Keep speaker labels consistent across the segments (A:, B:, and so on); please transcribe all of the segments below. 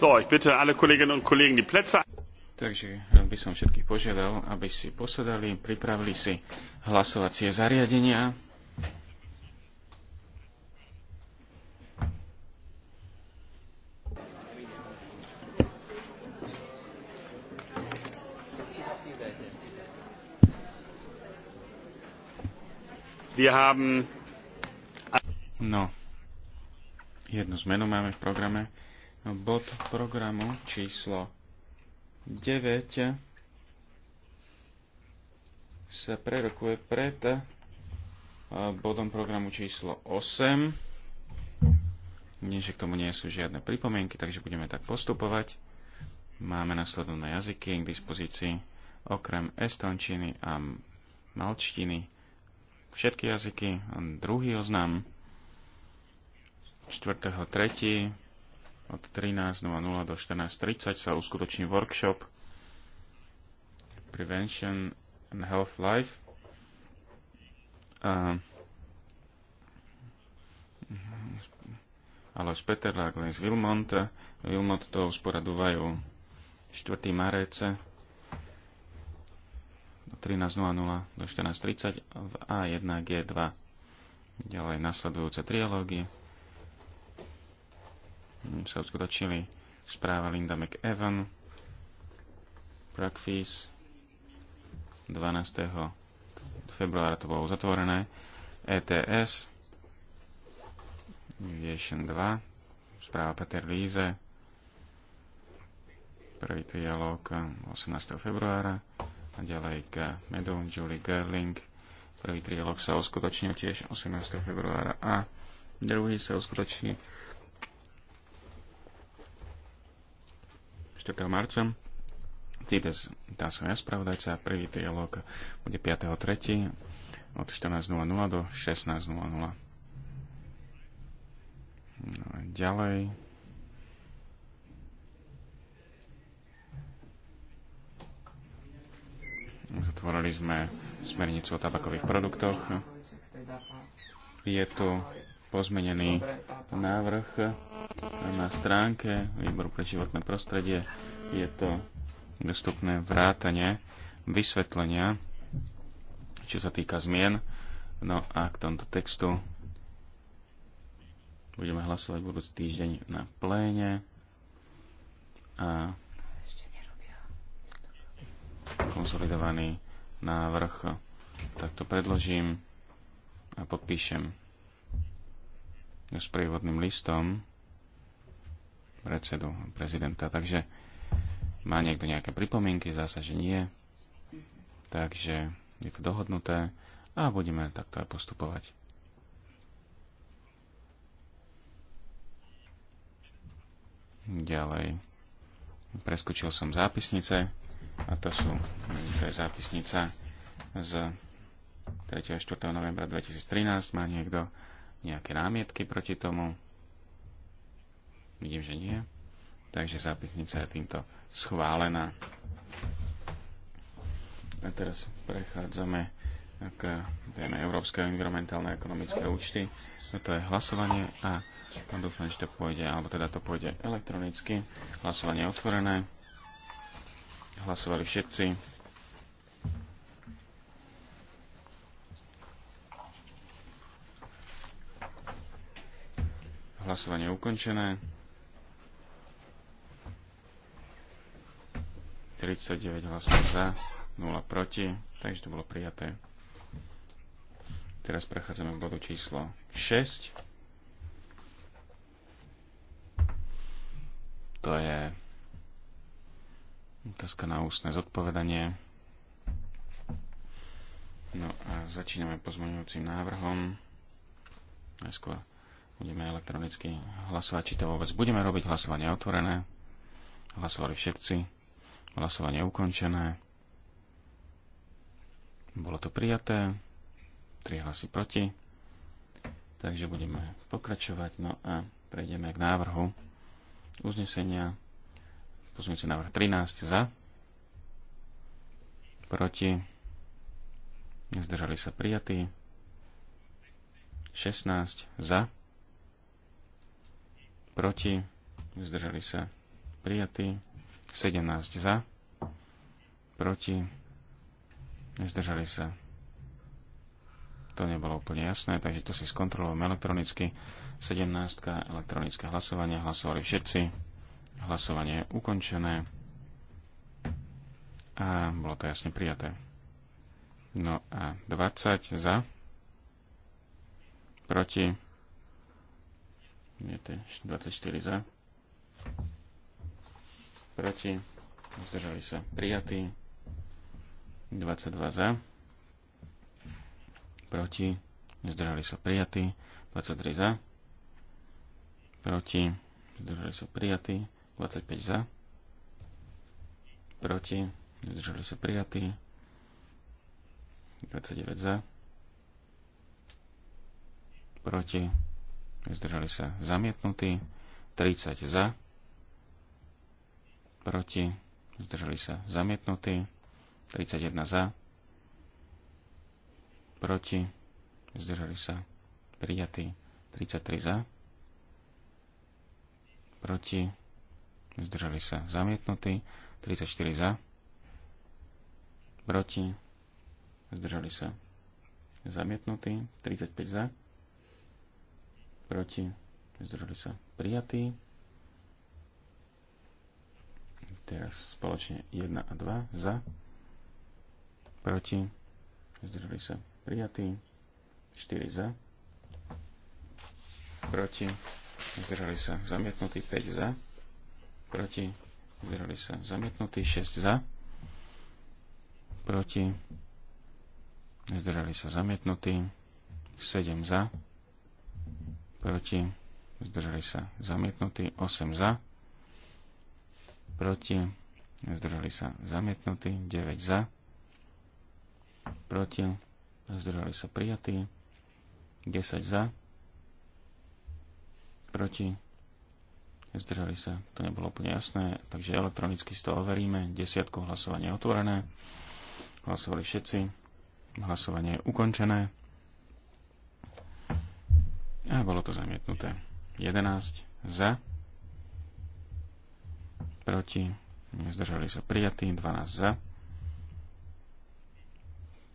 A: So, ich bitte alle Kolleginnen und Kollegen, die Plätze.
B: Takže eh, by som všetkých požiadal, aby si posadali, pripravili si hlasovacie zariadenia. Wir haben... No, jednu zmenu máme v programe bod programu číslo 9 sa prerokuje pred eh, bodom programu číslo 8. Nie, že k tomu nie sú žiadne pripomienky, takže budeme tak postupovať. Máme nasledovné jazyky k dispozícii okrem estončiny a malčtiny všetky jazyky. Druhý oznam 4.3 od 13.00 do 14.30 sa uskutoční workshop Prevention and Health Life. A, ale z Peter Laglen z Vilmont. Wilmont to usporadovajú 4. marec do 13.00 do 14.30 v A1G2. Ďalej nasledujúce trialógie Hm, sa uskutočili správa Linda McEvan, Prakfis, 12. februára to bolo uzatvorené, ETS, Aviation 2, správa Peter Líze, prvý trialóg 18. Hm, februára a ďalej k medu Julie Gerling. Prvý trialóg sa uskutočnil tiež 18. februára a druhý sa uskutočnil 4. marca. Cítes dá sa nespravodajca, prvý dialog bude 5.3. od 14.00 do 16.00. No ďalej. Zatvorili sme smernicu o tabakových produktoch. Je tu pozmenený návrh na stránke výboru pre životné prostredie. Je to dostupné vrátanie vysvetlenia, čo sa týka zmien. No a k tomto textu budeme hlasovať budúci týždeň na pléne. A konsolidovaný návrh takto predložím a podpíšem s prievodným listom predsedu prezidenta. Takže má niekto nejaké pripomienky, zase, že nie. Takže je to dohodnuté a budeme takto aj postupovať. Ďalej. Preskočil som zápisnice a to sú to je zápisnica z 3. a 4. novembra 2013. Má niekto nejaké námietky proti tomu? Vidím, že nie. Takže zápisnica je týmto schválená. A teraz prechádzame k téme Európske environmentálne ekonomické účty. To je hlasovanie a dúfam, že to pôjde, alebo teda to pôjde elektronicky. Hlasovanie je otvorené. Hlasovali všetci. Hlasovanie je ukončené. 39 hlasov za, 0 proti, takže to bolo prijaté. Teraz prechádzame k bodu číslo 6. To je otázka na ústne zodpovedanie. No a začíname pozmeňujúcim návrhom. Najskôr Budeme elektronicky hlasovať, či to vôbec budeme robiť. Hlasovanie otvorené. Hlasovali všetci. Hlasovanie ukončené. Bolo to prijaté. 3 hlasy proti. Takže budeme pokračovať. No a prejdeme k návrhu uznesenia. Pozmite návrh 13 za. Proti. Zdržali sa prijatí. 16 za proti, zdržali sa prijatí, 17 za, proti, zdržali sa. To nebolo úplne jasné, takže to si skontrolujeme elektronicky. 17. elektronické hlasovanie, hlasovali všetci. Hlasovanie je ukončené a bolo to jasne prijaté. No a 20 za, proti, nie to 24 za. Proti. Zdržali sa prijatí. 22 za. Proti. Zdržali sa prijatí. 23 za. Proti. Zdržali sa prijatí. 25 za. Proti. Zdržali sa prijatí. 29 za. Proti zdržali sa zamietnutí, 30 za, proti, zdržali sa zamietnutí, 31 za, proti, zdržali sa prijatí, 33 za, proti, zdržali sa zamietnutí, 34 za, proti, zdržali sa zamietnutí, 35 za, proti, zdržali sa prijatí. Teraz spoločne 1 a 2 za, proti, zdržali sa prijatí, 4 za, proti, zdržali sa zamietnutí, 5 za, proti, zdržali sa zamietnutí, 6 za, proti, zdržali sa zamietnutí, 7 za, proti, zdržali sa zamietnutí, 8 za, proti, zdržali sa zamietnutí, 9 za, proti, zdržali sa prijatí, 10 za, proti, zdržali sa, to nebolo úplne jasné, takže elektronicky si to overíme, desiatku hlasovanie otvorené, hlasovali všetci, hlasovanie je ukončené, a bolo to zamietnuté. 11 za, proti, nezdržali sa prijatí, 12 za,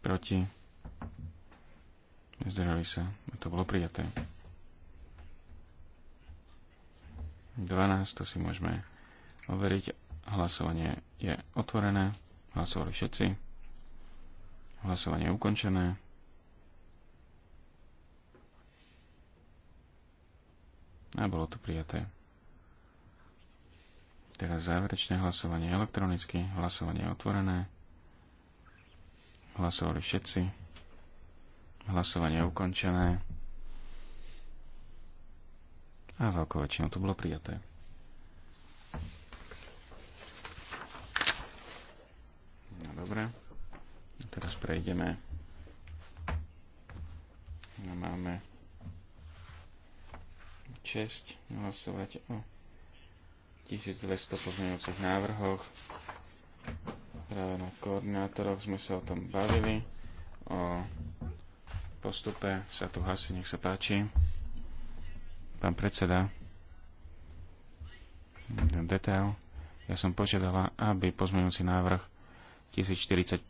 B: proti, nezdržali sa, a to bolo prijaté. 12, to si môžeme overiť, hlasovanie je otvorené, hlasovali všetci, hlasovanie je ukončené, A bolo to prijaté. Teraz záverečné hlasovanie elektronicky. Hlasovanie je otvorené. Hlasovali všetci. Hlasovanie je ukončené. A veľkou väčšinou to bolo prijaté. No dobre. Teraz prejdeme. No, máme 6 hlasovať o 1200 pozmeňujúcich návrhoch. Práve na koordinátoroch sme sa o tom bavili. O postupe sa tu hasi, nech sa páči. Pán predseda, detail. Ja som požiadala, aby pozmeňujúci návrh 1045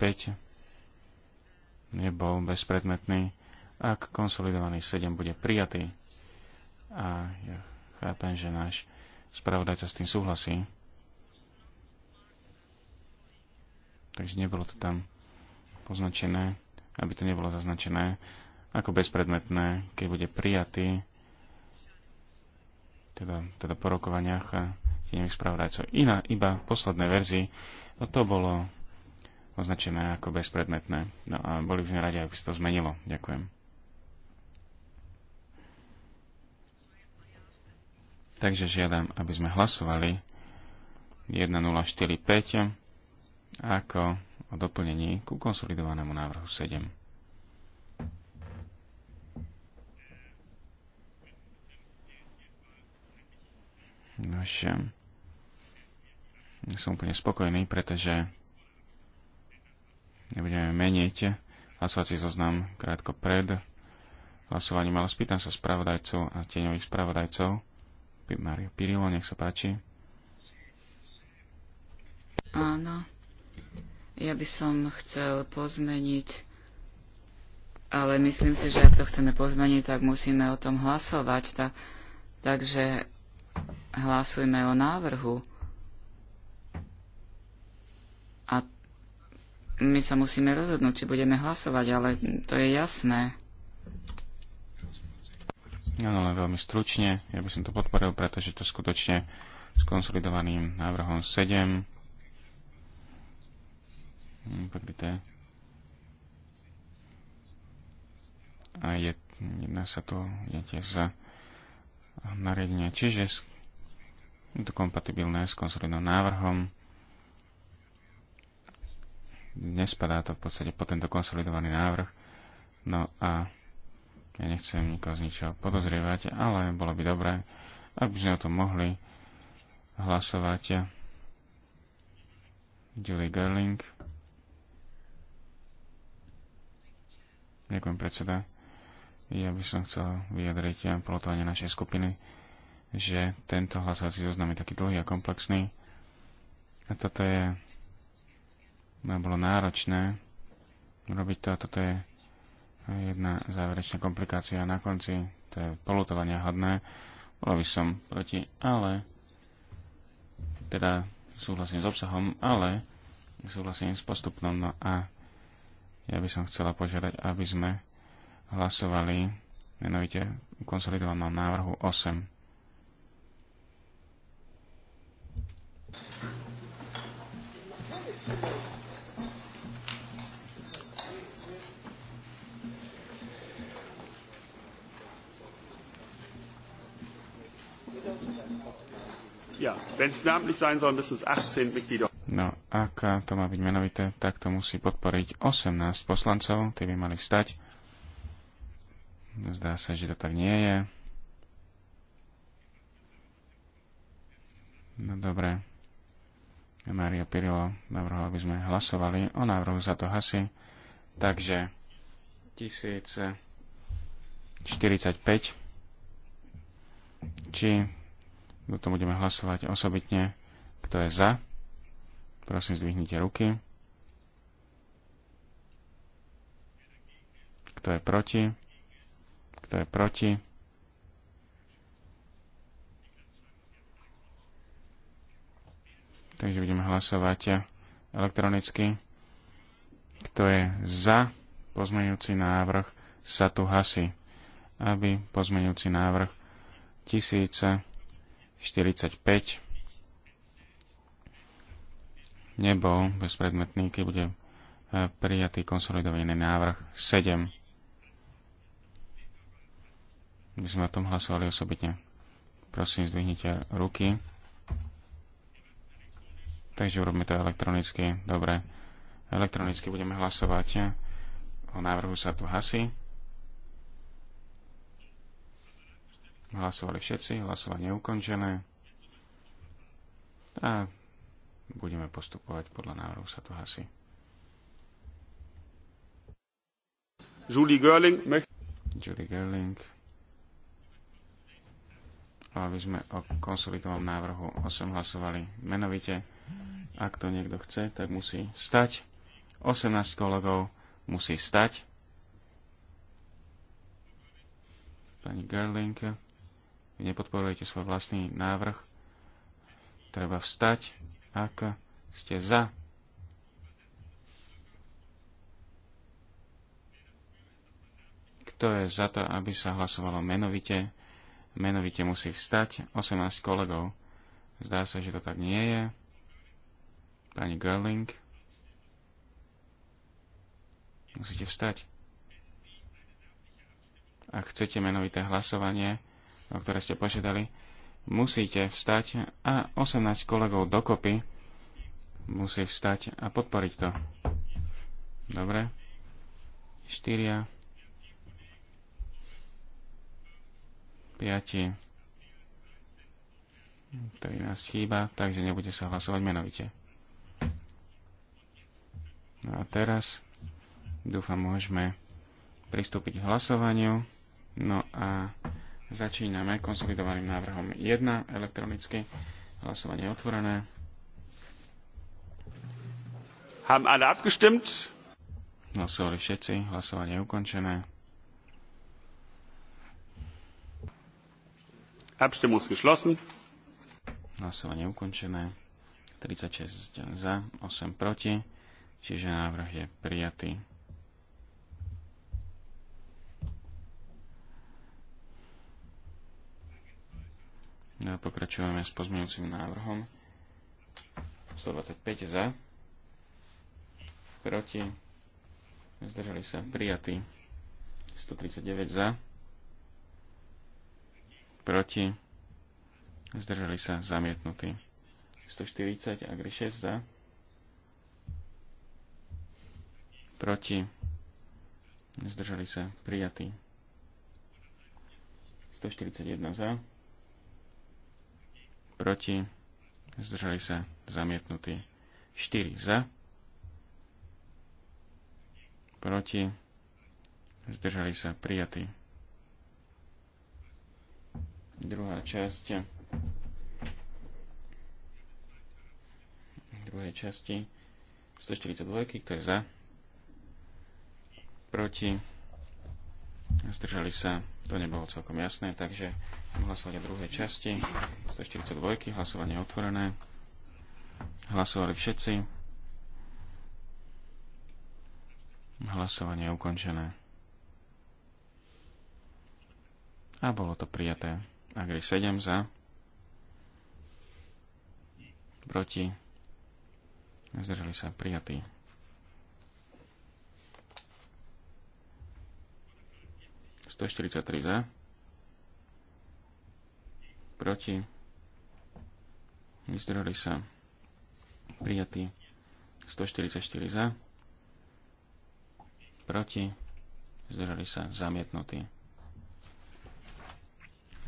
B: nebol bezpredmetný, ak konsolidovaný 7 bude prijatý a ja chápem, že náš spravodajca s tým súhlasí. Takže nebolo to tam poznačené, aby to nebolo zaznačené ako bezpredmetné, keď bude prijatý, teda, teda po rokovaniach tieňových spravodajcov. Iná, iba v poslednej verzii, no to bolo označené ako bezpredmetné. No a boli by sme radi, aby sa to zmenilo. Ďakujem. Takže žiadam, aby sme hlasovali 1045 ako o doplnení ku konsolidovanému návrhu 7. Nož, som úplne spokojný, pretože nebudeme meniť hlasovací zoznam krátko pred hlasovaním, ale spýtam sa spravodajcov a tieňových spravodajcov, Mario Pirilo, nech sa páči.
C: Áno. Ja by som chcel pozmeniť, ale myslím si, že ak to chceme pozmeniť, tak musíme o tom hlasovať. Tak, takže hlasujme o návrhu. A my sa musíme rozhodnúť, či budeme hlasovať, ale to je jasné.
B: Áno, len veľmi stručne. Ja by som to podporil, pretože to skutočne s konsolidovaným návrhom 7 Podbité. A je, jedná sa tu jedná z nariadenia, čiže je to kompatibilné s konsolidovaným návrhom. Nespadá to v podstate po tento konsolidovaný návrh. No a ja nechcem nikoho z ničoho podozrievať, ale bolo by dobré, ak by sme o tom mohli hlasovať. Julie Gerling. Ďakujem, predseda. Ja by som chcel vyjadriť polotovanie našej skupiny, že tento hlasovací zoznam je taký dlhý a komplexný. A toto je... bolo náročné robiť to a toto je Jedna záverečná komplikácia na konci, to je polutovania hodné. Bolo by som proti, ale teda súhlasím s obsahom, ale súhlasím s postupnom. No a ja by som chcela požiadať, aby sme hlasovali, menovite konsolidovanom návrhu 8. Thank you. No, ak to má byť menovité, tak to musí podporiť 18 poslancov, tí by mali vstať. Zdá sa, že to tak nie je. No dobre. Mario Pirilo navrhol, aby sme hlasovali o návrhu za to hasi. Takže 1045 či O to budeme hlasovať osobitne. Kto je za? Prosím, zdvihnite ruky. Kto je proti? Kto je proti? Takže budeme hlasovať elektronicky. Kto je za pozmeňujúci návrh Satu Hasi, aby pozmeňujúci návrh 1000 45 bez bezpredmetný, keď bude e, prijatý konsolidovaný návrh 7. My sme o tom hlasovali osobitne. Prosím, zdvihnite ruky. Takže urobme to elektronicky. Dobre. Elektronicky budeme hlasovať o návrhu sa tu hasi. Hlasovali všetci, hlasovanie je ukončené. A budeme postupovať podľa návrhu sa to hasi.
A: Julie Görling.
B: Julie Görling. Aby sme o konsolidovanom návrhu 8 hlasovali menovite. Ak to niekto chce, tak musí stať. 18 kolegov musí stať. Pani Görling vy nepodporujete svoj vlastný návrh, treba vstať, ak ste za. Kto je za to, aby sa hlasovalo menovite? Menovite musí vstať 18 kolegov. Zdá sa, že to tak nie je. Pani Gerling. Musíte vstať. Ak chcete menovité hlasovanie, o ktoré ste požiadali, musíte vstať a 18 kolegov dokopy musí vstať a podporiť to. Dobre. 4. 5. 13 chýba, takže nebude sa hlasovať menovite. No a teraz dúfam môžeme pristúpiť k hlasovaniu. No a Začíname konsolidovaným návrhom 1 elektronicky. Hlasovanie je otvorené. Haben alle abgestimmt? Hlasovali všetci. Hlasovanie je ukončené. Abstimmung ist geschlossen. Hlasovanie je ukončené. 36 za, 8 proti. Čiže návrh je prijatý. No a pokračujeme s pozmeňujúcim návrhom. 125 za. Proti. Zdržali sa prijatí. 139 za. Proti. Zdržali sa zamietnutí. 140 a 6 za. Proti. Zdržali sa prijatí. 141 za proti, zdržali sa zamietnutí 4 za, proti, zdržali sa prijatí. Druhá časť druhej časti 142, kto je za, proti, zdržali sa, to nebolo celkom jasné, takže hlasovania druhej časti 142, hlasovanie otvorené. Hlasovali všetci. Hlasovanie je ukončené. A bolo to prijaté. Agri 7 za. Proti. Zdržali sa prijatí. Sto za proti, Vyzdrali sa, prijatí 144 za, proti, zdržali sa, zamietnutí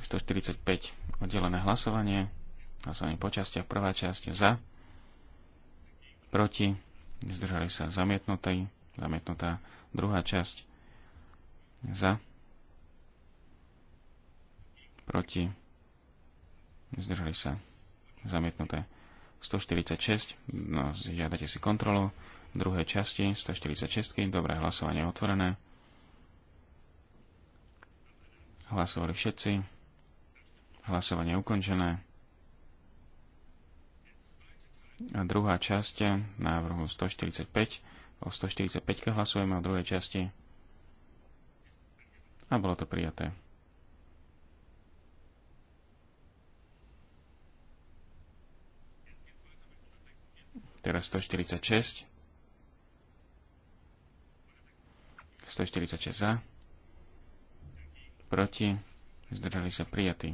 B: 145 oddelené hlasovanie, hlasovanie po častiach, prvá časť za, proti, zdržali sa, zamietnutí, zamietnutá druhá časť za, proti, zdržali sa zamietnuté 146, no, žiadate si kontrolu druhej časti 146, dobré hlasovanie otvorené. Hlasovali všetci. Hlasovanie ukončené. A druhá časť návrhu 145. O 145 hlasujeme o druhej časti. A bolo to prijaté. Teraz 146. 146 za. Proti. Zdržali sa prijatí.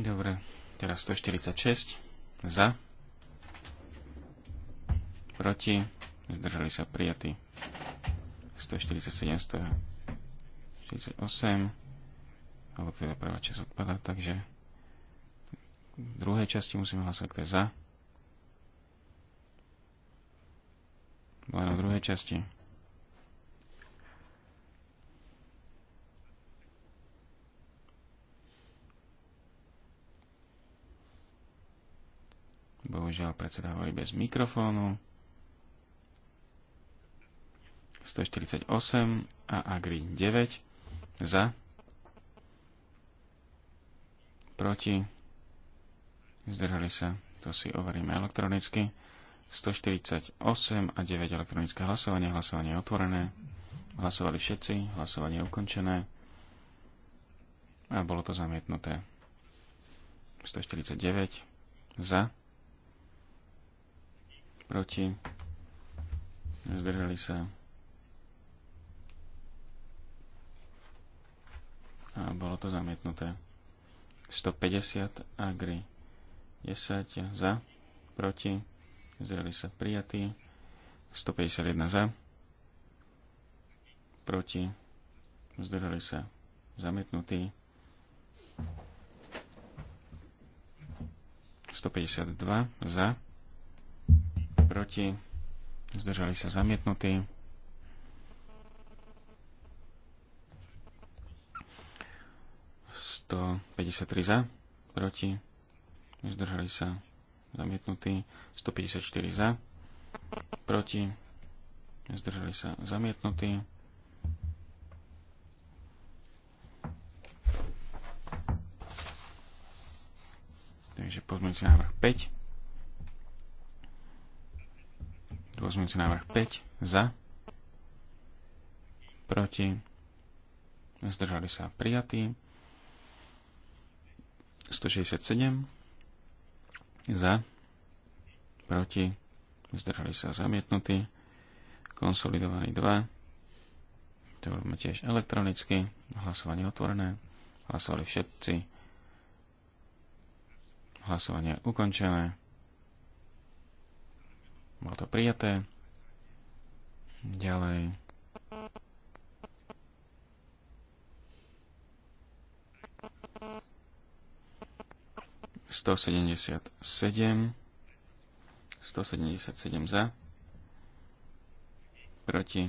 B: Dobre, Teraz 146 za, proti, zdržali sa prijatí 147, 148, alebo teda prvá časť odpada, takže v druhej časti musíme hlasovať, kto je za. Len o druhej časti. Bohužiaľ, predseda hovorí bez mikrofónu. 148 a Agri 9 za proti zdržali sa to si overíme elektronicky 148 a 9 elektronické hlasovanie hlasovanie je otvorené hlasovali všetci hlasovanie je ukončené a bolo to zamietnuté 149 za proti, zdržali sa. A bolo to zamietnuté. 150 agri, 10 za, proti, zdržali sa prijatí, 151 za, proti, zdržali sa zamietnutí, 152 za, proti, zdržali sa zamietnutí. Sto za, proti, zdržali sa zamietnutí. 154 za, proti, zdržali sa zamietnutí. Takže návrh 5. Pozmeňujúci návrh 5 za, proti, zdržali sa prijatí. 167 za, proti, zdržali sa zamietnutí. Konsolidovaný 2, to robíme tiež elektronicky, hlasovanie otvorené, hlasovali všetci, hlasovanie ukončené. Bolo to prijaté. Ďalej. Sto sedemdesiat sedem. Sto sedemdesiat sedem za. Proti.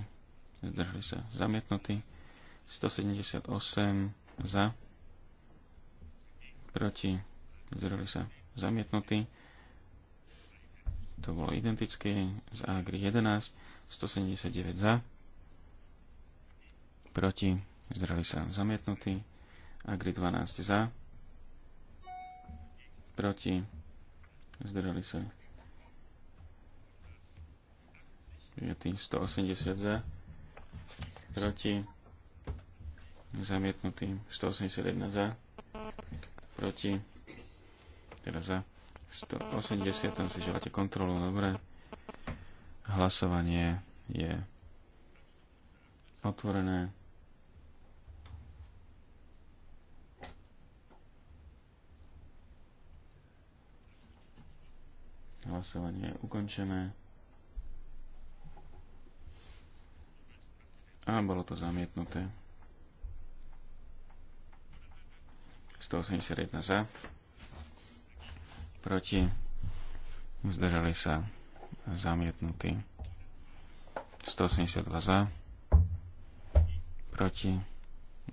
B: Zdržali sa zamietnutí. sto osem za. Proti. Zdržali sa zamietnutí to bolo identické z Agri 11, 179 za, proti, zdrali sa zamietnutí, Agri 12 za, proti, zdrali sa prijatý 180 za, proti, zamietnutý 181 za, proti, teda za, 180, tam si želáte kontrolu, dobre. Hlasovanie je otvorené. Hlasovanie je ukončené. A bolo to zamietnuté. 181 za proti, zdržali sa zamietnutí. 182 za, proti,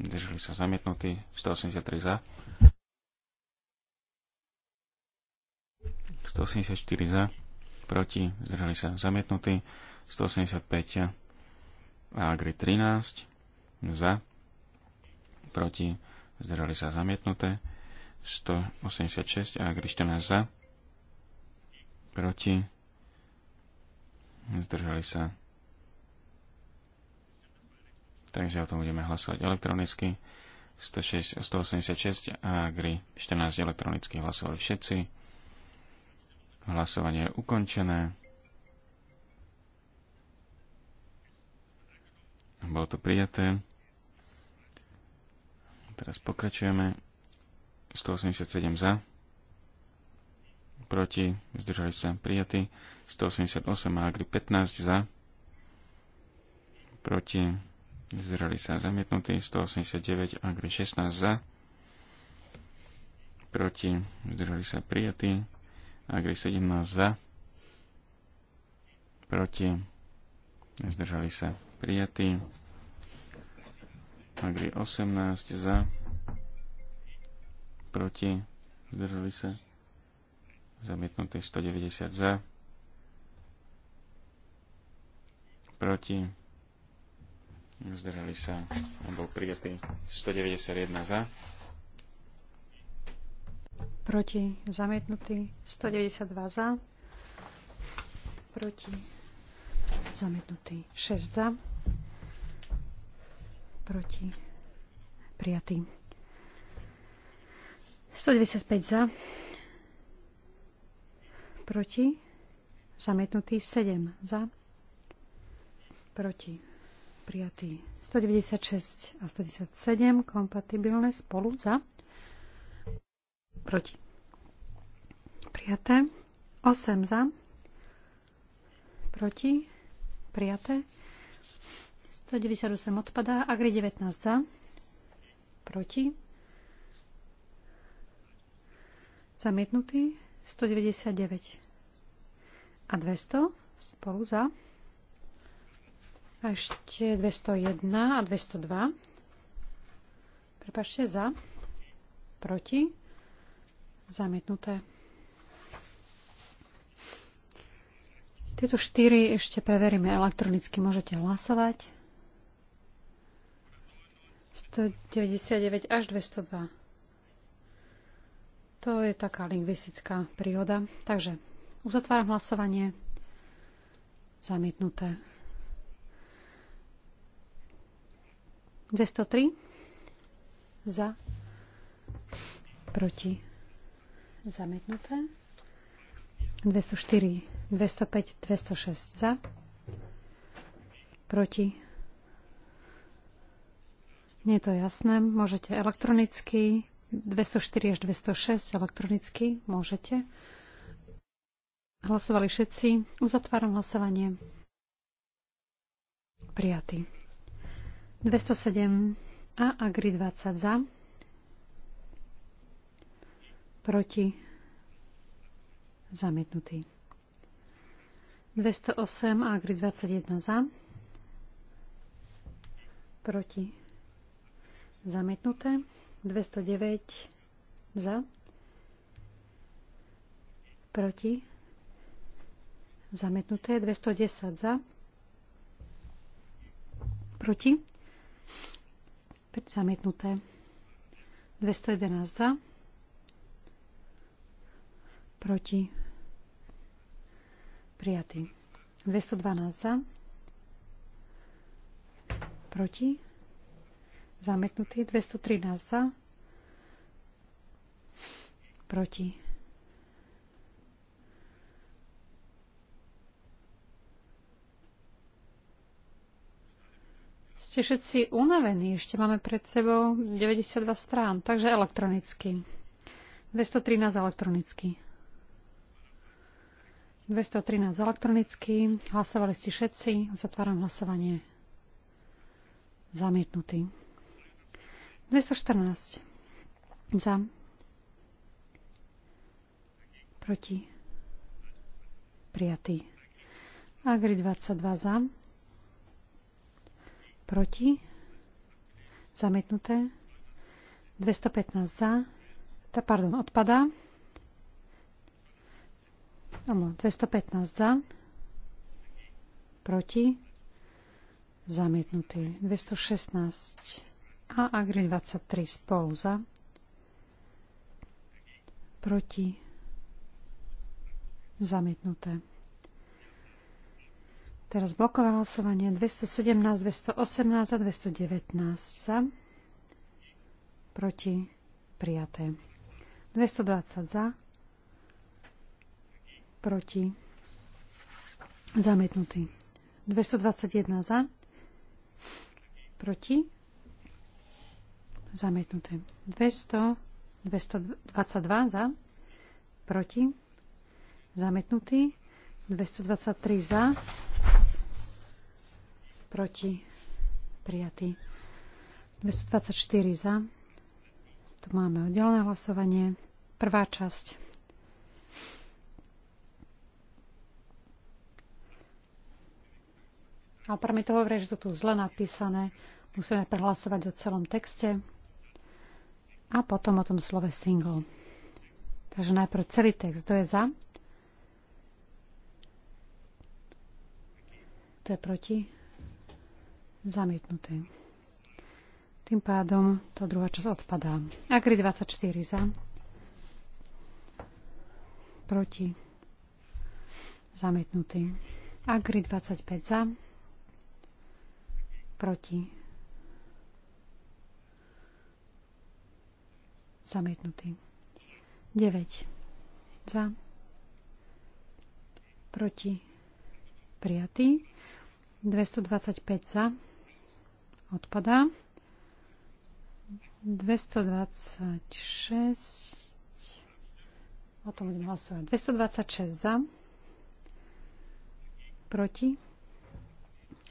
B: zdržali sa zamietnutí. 183 za, 184 za, proti, zdržali sa zamietnutí. 185 a Agri 13 za, proti, zdržali sa zamietnuté. 186 a Agri 14 za. Proti. Zdržali sa. Takže o tom budeme hlasovať elektronicky. 106, 186 a Agri 14 elektronicky hlasovali všetci. Hlasovanie je ukončené. Bolo to prijaté. Teraz pokračujeme. 187 za, proti, zdržali sa prijatí, 188 a Agri 15 za, proti, zdržali sa zamietnutí, 189 Agri 16 za, proti, zdržali sa prijatí, Agri 17 za, proti, zdržali sa prijatí, Agri 18 za, proti, zdržali sa, zamietnuté 190 za, proti, zdržali sa, on bol prijatý 191 za,
D: proti, zamietnutý 192 za, proti, zamietnutý 6 za, proti, prijatý 195 za, proti, zamietnutý 7 za, proti, prijatý 196 a 197 kompatibilné spolu za, proti, prijaté 8 za, proti, prijaté 198 odpadá, agri 19 za, proti, Zamietnutý. 199 a 200 spolu za. A ešte 201 a 202. Prepačte, za. Proti. Zamietnuté. Tieto štyri ešte preveríme elektronicky. Môžete hlasovať. 199 až 202. To je taká lingvistická príhoda. Takže uzatváram hlasovanie. Zamietnuté. 203 za proti zamietnuté 204 205 206 za proti nie je to jasné môžete elektronicky 204 až 206 elektronicky. Môžete. Hlasovali všetci. Uzatváram hlasovanie. Prijatý. 207 a Agri 20 za. Proti. Zamietnutý. 208 a Agri 21 za. Proti. Zamietnuté. 209 za, proti, zamietnuté, 210 za, proti, zamietnuté, 211 za, proti, prijatý, 212 za, proti, Zamietnutý. 213 za. Proti. Ste všetci unavení. Ešte máme pred sebou 92 strán, takže elektronicky. 213 elektronicky. 213 elektronicky. Hlasovali ste všetci. Zatváram hlasovanie. Zamietnutý. 214. Za. Proti. Prijatý. Agri 22 za. Proti. Zamietnuté. 215 za. tá, pardon, odpadá. Amo, 215 za. Proti. Zamietnutý. 216 a Agri 23 spolu za, proti, zamietnuté. Teraz blokové hlasovanie 217, 218 a 219 za, proti, prijaté. 220 za, proti, zamietnutý. 221 za, proti, Zamietnuté. 200, 222 za, proti, zamietnutý. 223 za, proti, prijatý. 224 za. Tu máme oddelené hlasovanie. Prvá časť. A pre mi to hovorí, že to tu zle napísané. Musíme prehlasovať o celom texte a potom o tom slove single. Takže najprv celý text. Kto je za? To je proti? Zamietnutý. Tým pádom to druhá časť odpadá. Agri 24 za. Proti. Zamietnutý. Agri 25 za. Proti Zamietnutý. 9. Za. Proti. Prijatý. 225 za. Odpadá. 226. O tom budem hlasovať. 226 za. Proti.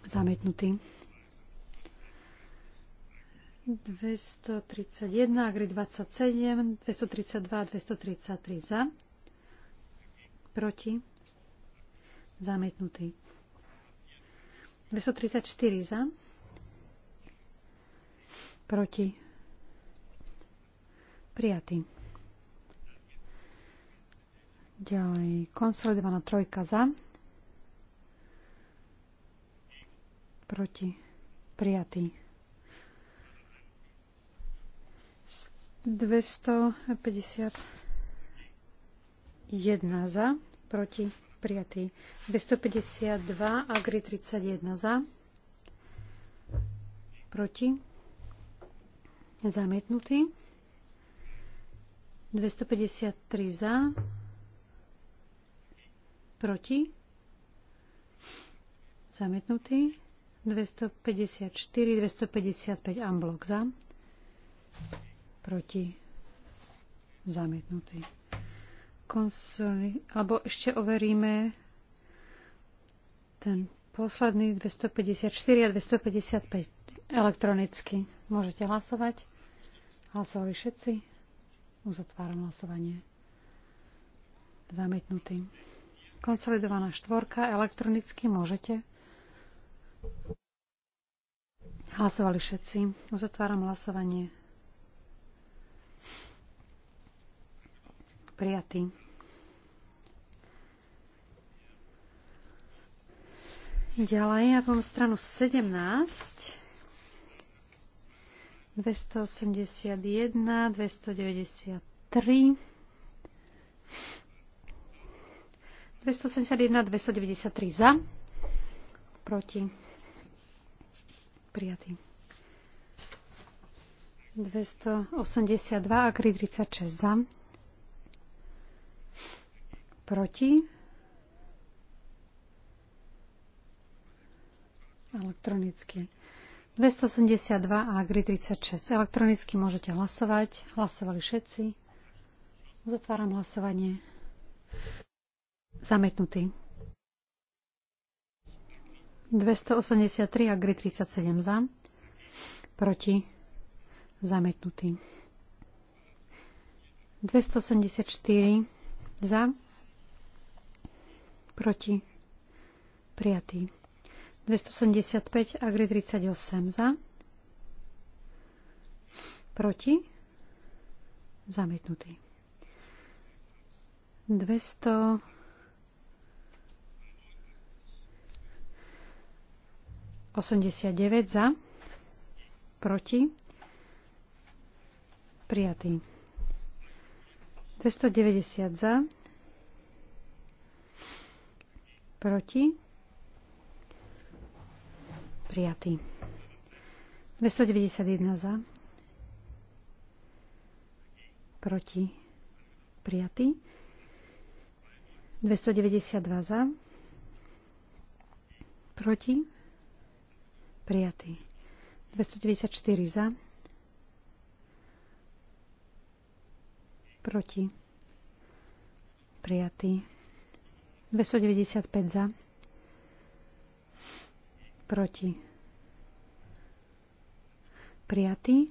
D: Zamietnutý. 231, Agri 27, 232, 233 za. Proti. Zamietnutý. 234 za. Proti. Prijatý. Ďalej. Konsolidovaná trojka za. Proti. Prijatý. 251 za, proti prijatý. 252, Agri 31 za, proti zamietnutý. 253 za, proti zamietnutý. 254, 255 amblok za, proti, zamietnutý. Konsoli, alebo ešte overíme ten posledný 254 a 255 elektronicky. Môžete hlasovať. Hlasovali všetci. Uzatváram hlasovanie. Zamietnutý. Konsolidovaná štvorka elektronicky môžete. Hlasovali všetci. Uzatváram hlasovanie. Prijatý. Ďalej, ja mám stranu 17, 281, 293, 281, 293 za, proti, prijatý. 282 a 36 za, Proti? Elektronicky. 282 a Agri 36. Elektronicky môžete hlasovať. Hlasovali všetci. Zatváram hlasovanie. Zametnutý. 283 a Agri 37 za. Proti. Zametnutý. 284 za proti, prijatý. 275, Agri 38 za, proti, zamietnutý. 200 89 za, proti, prijatý. 290 za, Proti? Prijatý. 291 za. Proti? Prijatý. 292 za. Proti? Prijatý. 294 za. Proti? Prijatý. 295 za. Proti. Prijatý.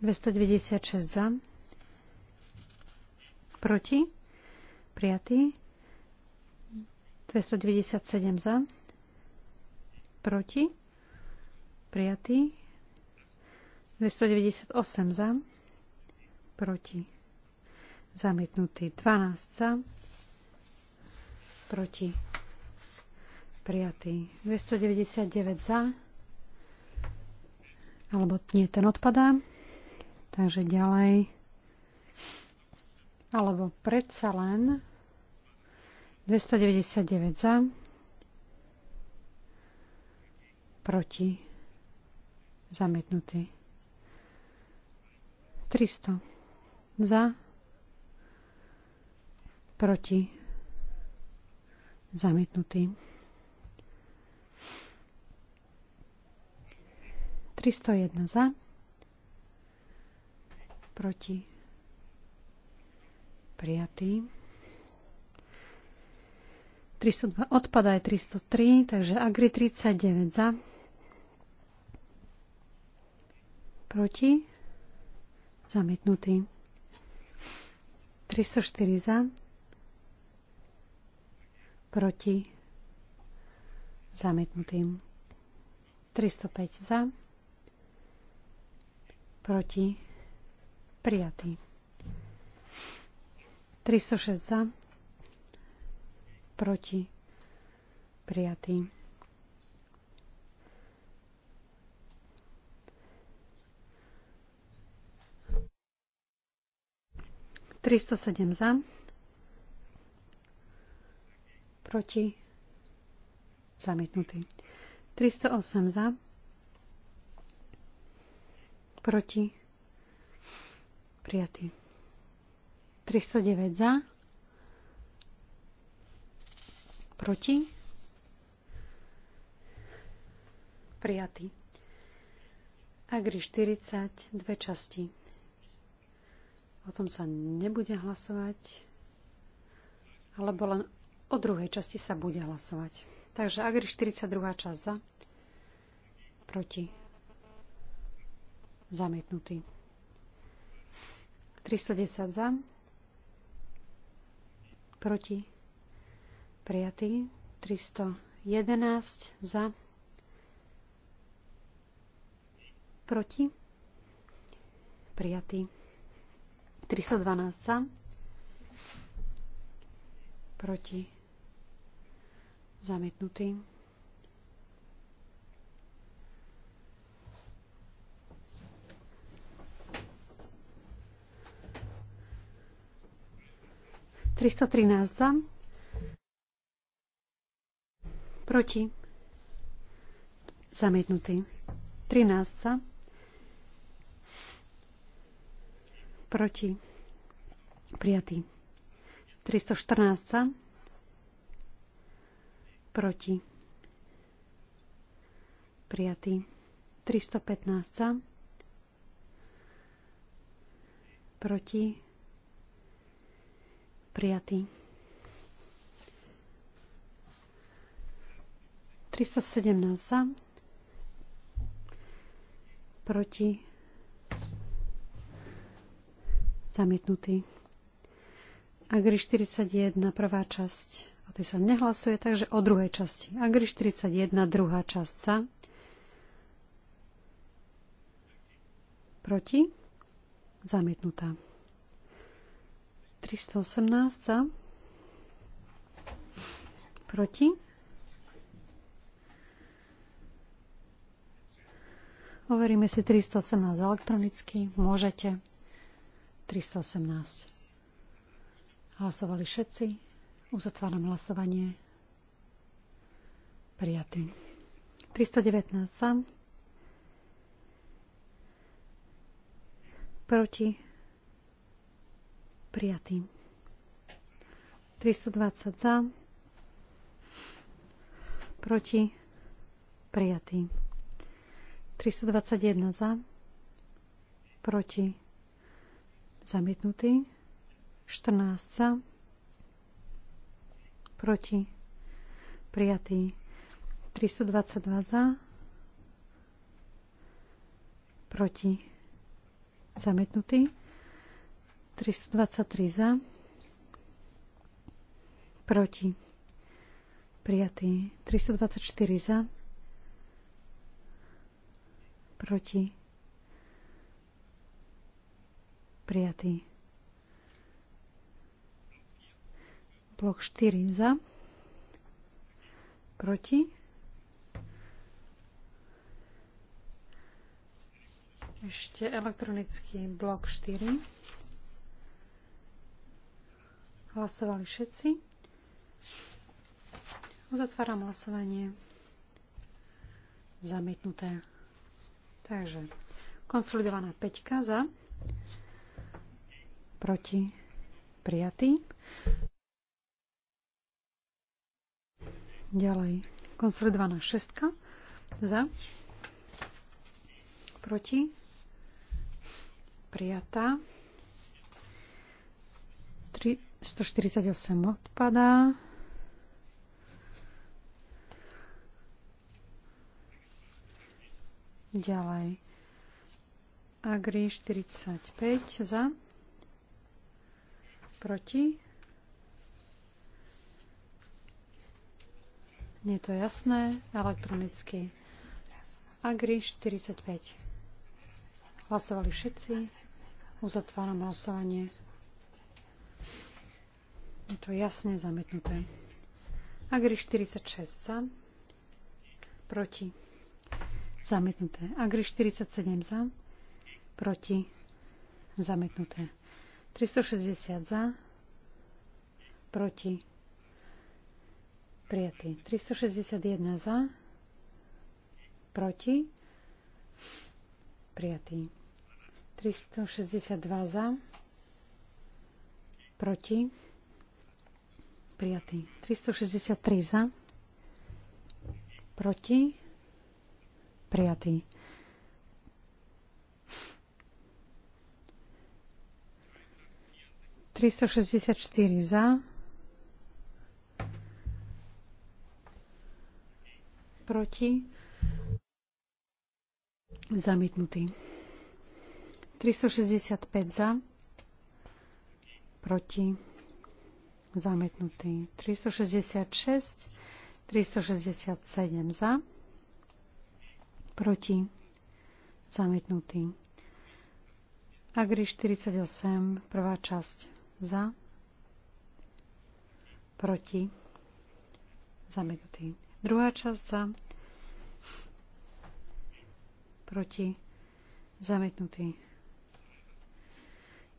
D: 296 za. Proti. Prijatý. 297 za. Proti. Prijatý. 298 za. Proti. Zamietnutý. 12 za proti, prijatý. 299 za, alebo nie, ten odpadá. Takže ďalej. Alebo predsa len 299 za, proti, zamietnutý. 300 za, proti, Zamietnutý. 301 za. Proti. Prijatý. 302 odpada je 303, takže Agri 39 za. Proti. Zamietnutý. 304 za proti zamietnutým. 305 za, proti prijatý. 306 za, proti prijatý. 307 za proti, zamietnutý. 308 za, proti, prijatý. 309 za, proti, prijatý. Agri 40, dve časti. O tom sa nebude hlasovať, alebo len O druhej časti sa bude hlasovať. Takže Agri 42. časť za, proti, zamietnutý. 310 za, proti, prijatý. 311 za, proti, prijatý. 312 za, proti, zametnutý. Tristo trinásť za. Proti. Zamietnutý. 13 za. Proti. Prijatý. 314 za proti, prijatý. 315 proti, prijatý. 317 proti, zamietnutý. Agri 41, prvá časť tej sa nehlasuje, takže o druhej časti. Agri 41, druhá časť sa. Proti? Zamietnutá. 318 za. Proti? Overíme si 318 elektronicky. Môžete. 318. Hlasovali všetci. Uzatváram hlasovanie. Prijatý. 319 za. Proti. Prijatý. 320 za. Proti. Prijatý. 321 za. Proti. Zamietnutý. 14 za proti, prijatý. 322 za, proti, zamietnutý. 323 za, proti, prijatý. 324 za, proti, prijatý. Blok 4 za. Proti. Ešte elektronický blok 4. Hlasovali všetci. Uzatváram hlasovanie. Zamietnuté. Takže konsolidovaná 5 za. Proti. Prijatý. Ďalej. Konsolidovaná šestka. Za. Proti. Prijatá. 3, 148 odpadá. Ďalej. Agri 45 za. Proti. Nie je to jasné. Elektronicky. Agri 45. Hlasovali všetci. Uzatváram hlasovanie. Je to jasne zametnuté. Agri 46 za. Proti. Zametnuté. Agri 47 za. Proti. Zametnuté. 360 za. Proti prijatý. 361 za, proti, prijatý. 362 za, proti, prijatý. 363 za, proti, prijatý. Tristo šestdesiat 364 za, proti, zamietnutý. 365 za, proti, zamietnutý. 366, 367 za, proti, zamietnutý. Agri 48, prvá časť za, proti, zamietnutý Druhá časť za, proti, zamietnutý.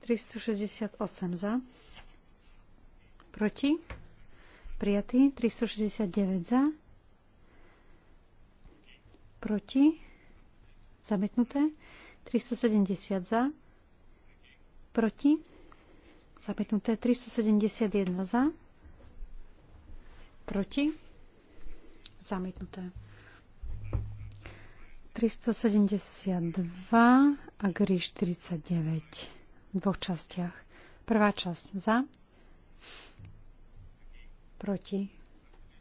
D: 368 za, proti, prijatý. 369 za, proti, zamietnuté. 370 za, proti, zamietnuté. 371 za, proti, Zamietnuté. 372 a Gry 49 v dvoch častiach. Prvá časť za, proti,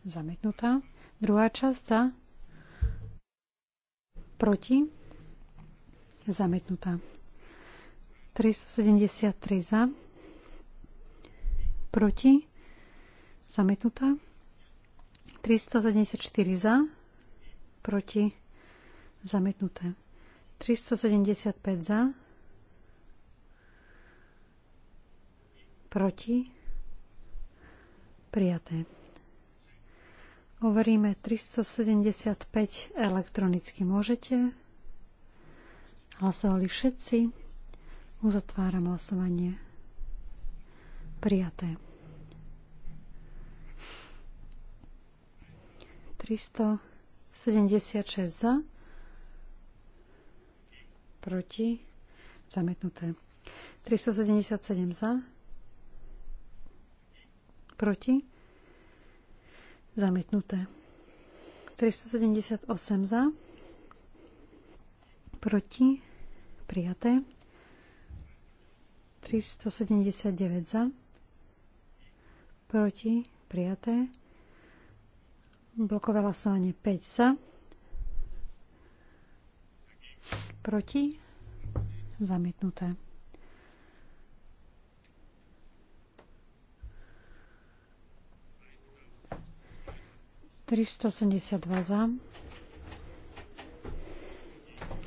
D: zamietnutá. Druhá časť za, proti, zamietnutá. 373 za, proti, zamietnutá. 374 za, proti, zamietnuté. 375 za, proti, prijaté. Overíme 375 elektronicky. Môžete? Hlasovali všetci. Uzatváram hlasovanie. Prijaté. 376 za, proti, zamietnuté. 377 za, proti, zamietnuté. 378 za, proti, prijaté. 379 za, proti, prijaté. Blokové hlasovanie 5 sa. Proti. Zamietnuté. Tristo sedemdesiat dva za.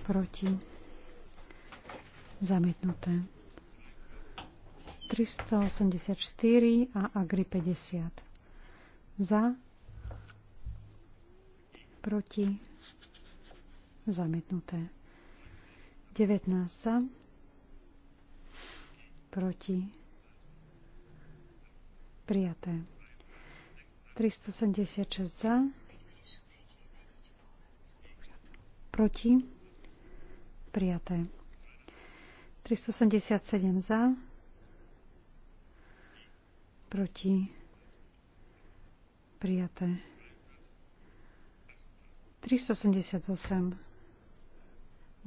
D: Proti. Zamietnuté. Tristo štyri a Agri 50. Za proti, zamietnuté. 19 za, proti, prijaté. 376 za, proti, prijaté. 387 za, proti, prijaté. 388.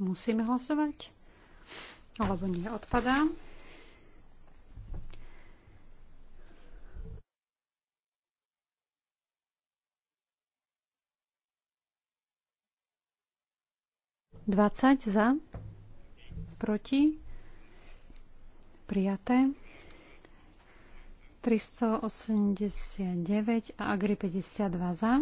D: Musíme hlasovať? Alebo nie, odpadá.
C: Dvadsať za,
D: proti, prijaté. 389 a Agri 52 za.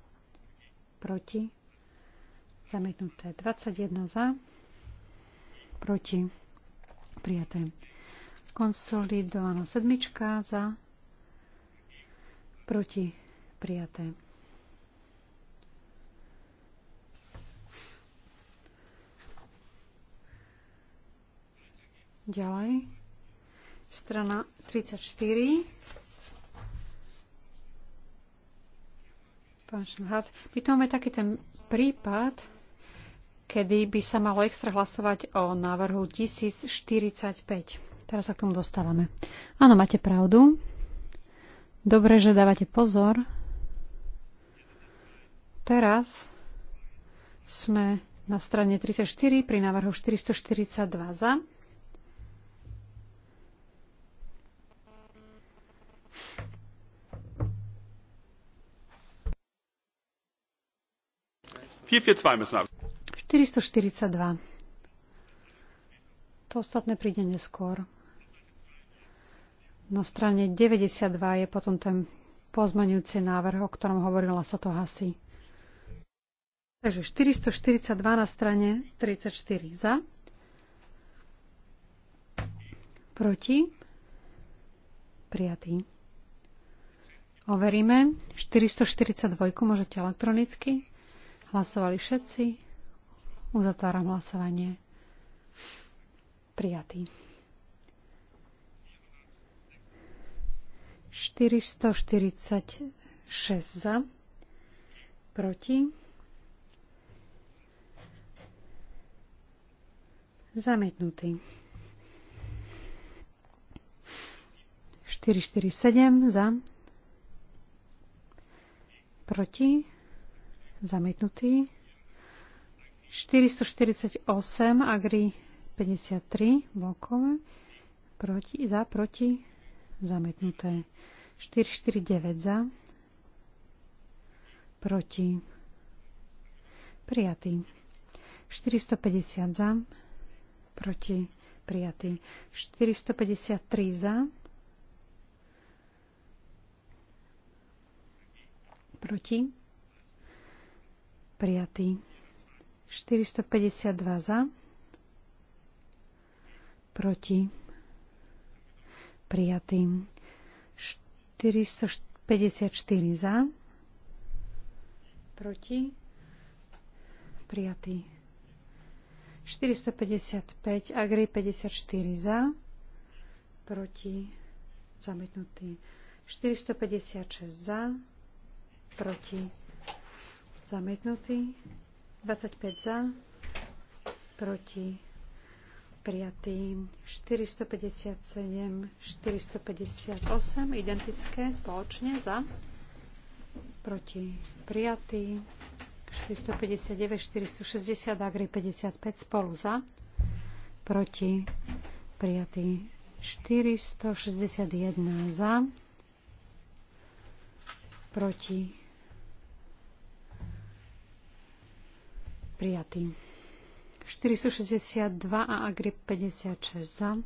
D: proti, zamietnuté 21 za, proti, prijaté. Konsolidovaná sedmička za, proti, prijaté. Ďalej. Strana 34. Pán Šnhard, my tu máme taký ten prípad, kedy by sa malo extra hlasovať o návrhu 1045. Teraz sa k tomu dostávame. Áno, máte pravdu. Dobre, že dávate pozor. Teraz sme na strane 34 pri návrhu 442 za.
A: 442 müssen wir.
D: 442. To ostatné príde neskôr. Na strane 92 je potom ten pozmeňujúci návrh, o ktorom hovorila sa to hasi. Takže 442 na strane 34 za. Proti. Prijatý. Overíme. 442 môžete elektronicky. Hlasovali všetci. Uzatváram hlasovanie. Prijatý. 446 za, proti, zamietnutý. 447 za, proti, Zamietnutý. 448 Agri 53 blokové. Proti, za, proti. Zamietnuté. 449 za. Proti. Prijatý. 450 za. Proti. Prijatý. 453 za. Proti prijatý. 452 za, proti, prijatý. 454 za, proti, prijatý. 455, Agri 54 za, proti, zamietnutý. 456 za, proti, Zamietnutý. 25 za. Proti. Prijatý. 457, 458. Identické. Spoločne za. Proti. Prijatý. 459, 460, Agri 55 spolu za. Proti. Prijatý. 461 za. Proti prijatý. 462 a Agri 56 za.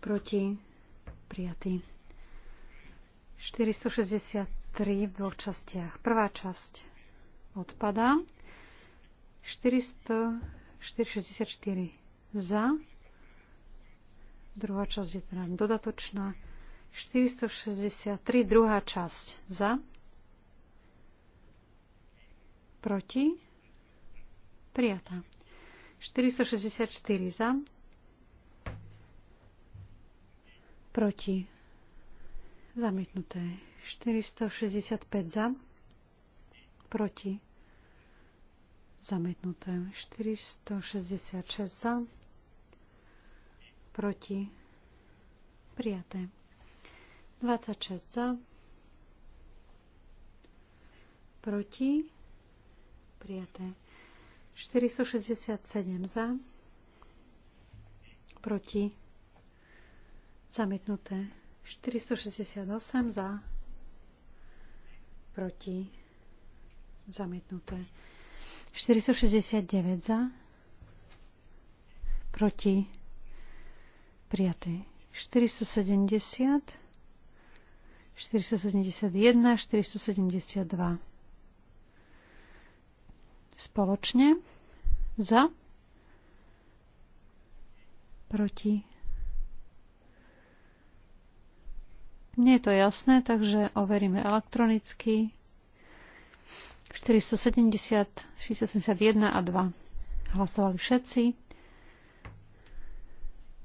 D: Proti prijatý. 463 v dvoch častiach. Prvá časť odpadá. 464 za. Druhá časť je teda dodatočná. 463, druhá časť za. Proti? Prijatá. 464 za. Proti? Zamietnuté. 465 za. Proti? Zamietnuté. 466 za. Proti? Prijaté. 26 za. Proti? prijaté. 467 za, proti, zamietnuté. 468 za, proti, zamietnuté. 469 za, proti, prijaté. 470, 471, 472 spoločne za, proti. Nie je to jasné, takže overíme elektronicky. 470, 671 a 2. Hlasovali všetci.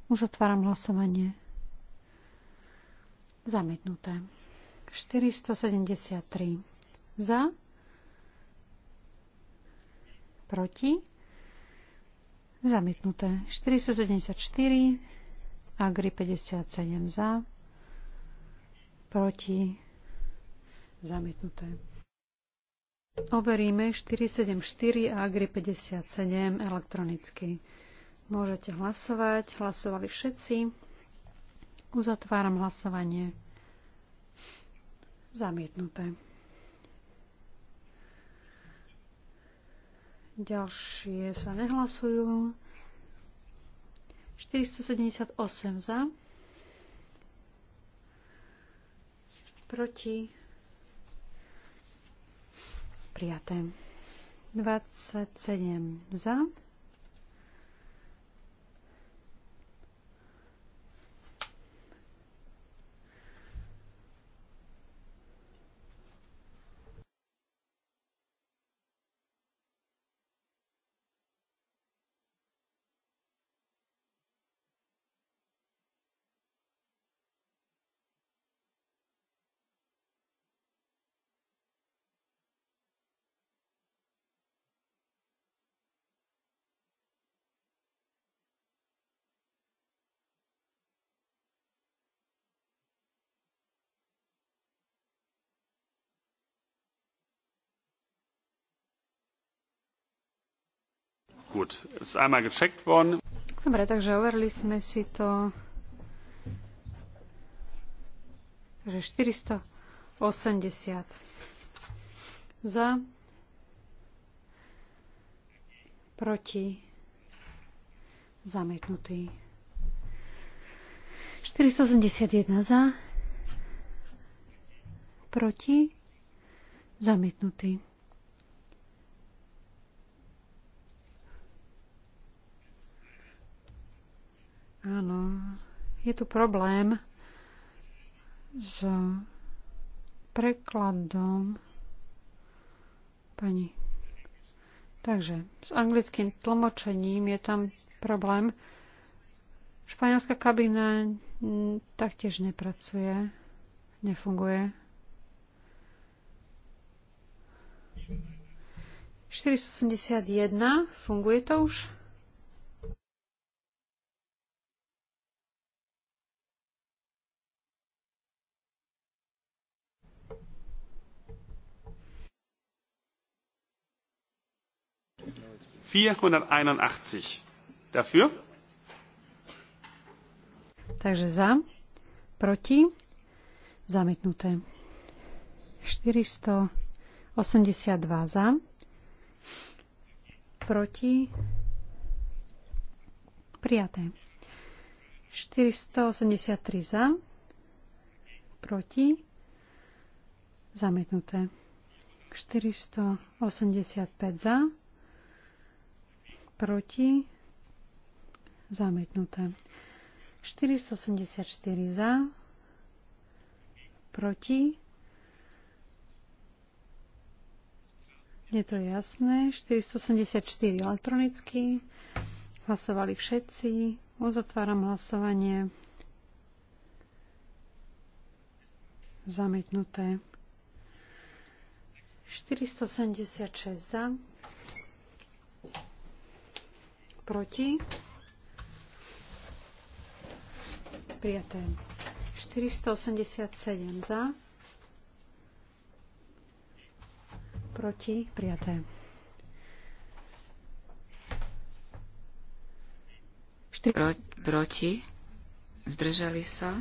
D: Uzatváram hlasovanie. Zamietnuté. 473 za proti, zamietnuté. 474, Agri 57 za, proti, zamietnuté. Overíme 474 a Agri 57 elektronicky. Môžete hlasovať. Hlasovali všetci. Uzatváram hlasovanie. Zamietnuté. Ďalšie sa nehlasujú. 478 za. Proti. Prijaté. 27 za
A: Gut, ist einmal gecheckt worden.
D: Dobre, takže overili sme si to. Takže 480 za, proti, zamietnutý. 481 za, proti, zamietnutý. Áno, je tu problém s prekladom pani. Takže s anglickým tlmočením je tam problém. Španielská kabína taktiež nepracuje, nefunguje. 481, funguje to už?
A: 481. Dafür?
D: Takže za, proti, zamietnuté. 482 za, proti, prijaté. 483 za, proti, zamietnuté. 485 za, proti, zamietnuté. 484 za, proti, je to jasné, 484 elektronicky, hlasovali všetci, uzatváram hlasovanie, zamietnuté. 476 za, proti, prijaté. 487 za, proti, prijaté.
C: 4... Pro, proti, zdržali sa,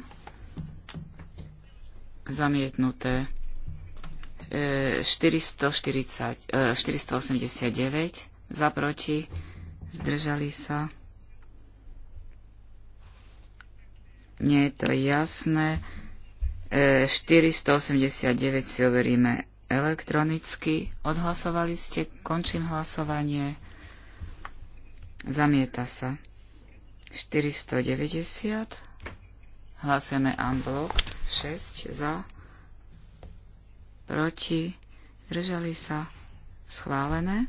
C: zamietnuté. 440, e, 489 e, za proti zdržali sa. Nie je to jasné. E, 489 si overíme elektronicky. Odhlasovali ste, končím hlasovanie. Zamieta sa. 490. Hlasujeme unblock. 6 za. Proti. Zdržali sa. Schválené.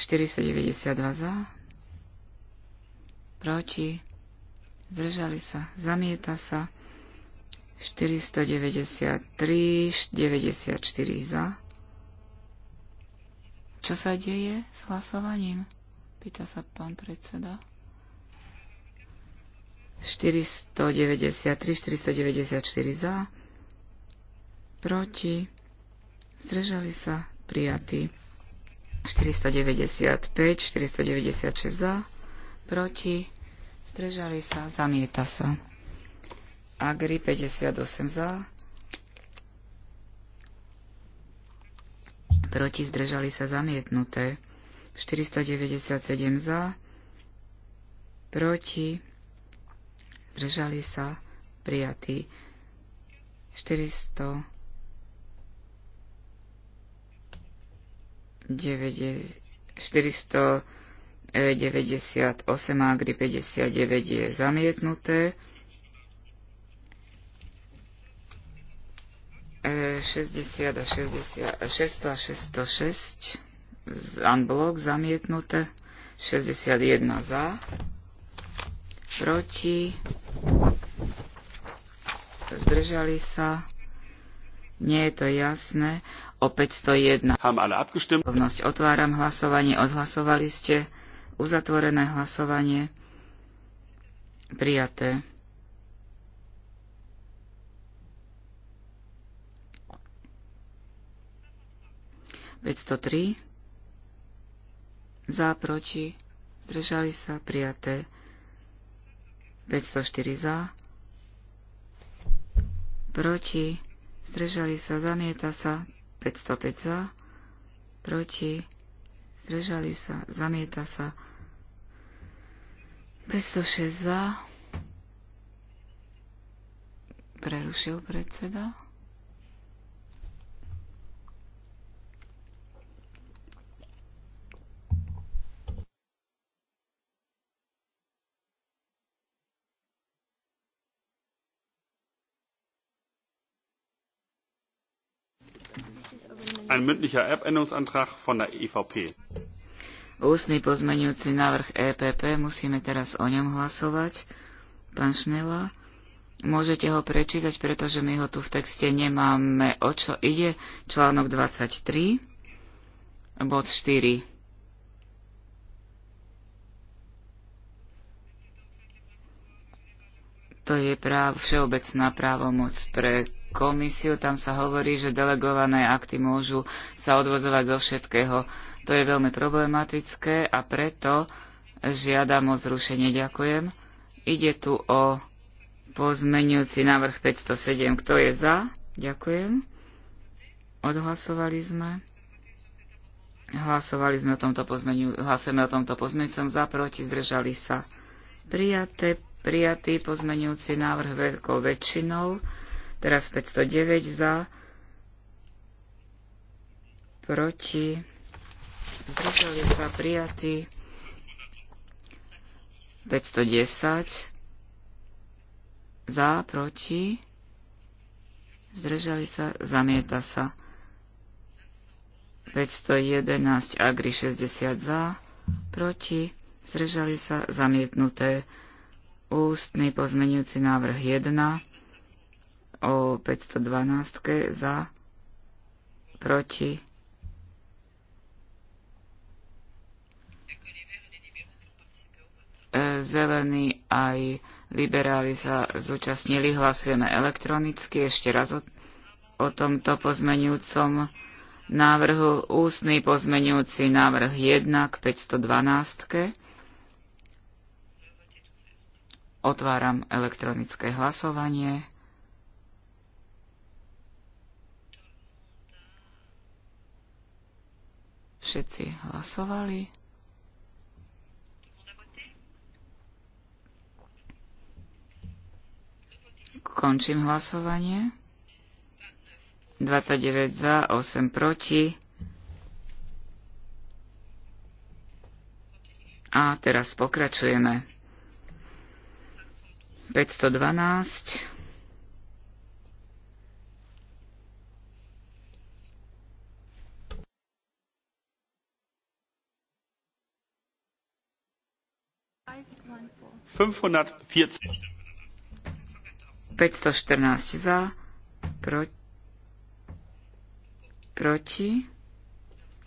C: 492 za, proti, zdržali sa, zamieta sa, 493, 94 za. Čo sa deje s hlasovaním? Pýta sa pán predseda. 493, 494 za, proti, zdržali sa, prijatí. 495, 496 za, proti, zdržali sa, zamieta sa. Agri 58 za, proti, zdržali sa, zamietnuté. 497 za, proti, zdržali sa, prijatí. 400 498 agri 59 je zamietnuté. 60 e, a 60, 600 e, a 606 unblock zamietnuté. 61 za. Proti. Zdržali sa. Nie je to jasné. Opäť 101. Rovnosť. Otváram hlasovanie. Odhlasovali ste. Uzatvorené hlasovanie. Prijaté. Vedstotrií. Za, proti. Zdržali sa. Prijaté. 504 za. Proti zdržali sa, zamieta sa, 505 za, proti, zdržali sa, zamieta sa, 506 za, prerušil predseda.
A: Ein mündlicher Änderungsantrag von der EVP.
C: Ústny pozmeňujúci návrh EPP, musíme teraz o ňom hlasovať. Pán Šnela, môžete ho prečítať, pretože my ho tu v texte nemáme. O čo ide? Článok 23, bod 4. To je práv, všeobecná právomoc pre komisiu, tam sa hovorí, že delegované akty môžu sa odvozovať zo všetkého. To je veľmi problematické a preto žiadam o zrušenie. Ďakujem. Ide tu o pozmenujúci návrh 507. Kto je za? Ďakujem. Odhlasovali sme. Hlasovali sme o tomto pozmeniu, hlasujeme o tomto som za, proti, zdržali sa. Prijaté, prijatý pozmenujúci návrh veľkou väčšinou. Teraz 509 za, proti, zdržali sa prijatí. 510 za, proti, zdržali sa, zamieta sa. 511 agri 60 za, proti, zdržali sa, zamietnuté ústny pozmenujúci návrh 1 o 512 za, proti. E, zelení aj liberáli sa zúčastnili. Hlasujeme elektronicky. Ešte raz o, o tomto pozmenujúcom návrhu. Ústny pozmenujúci návrh 1 k 512. -ke. Otváram elektronické hlasovanie. Všetci hlasovali. Končím hlasovanie. 29 za, 8 proti. A teraz pokračujeme. 512. 514. za, proti, proti,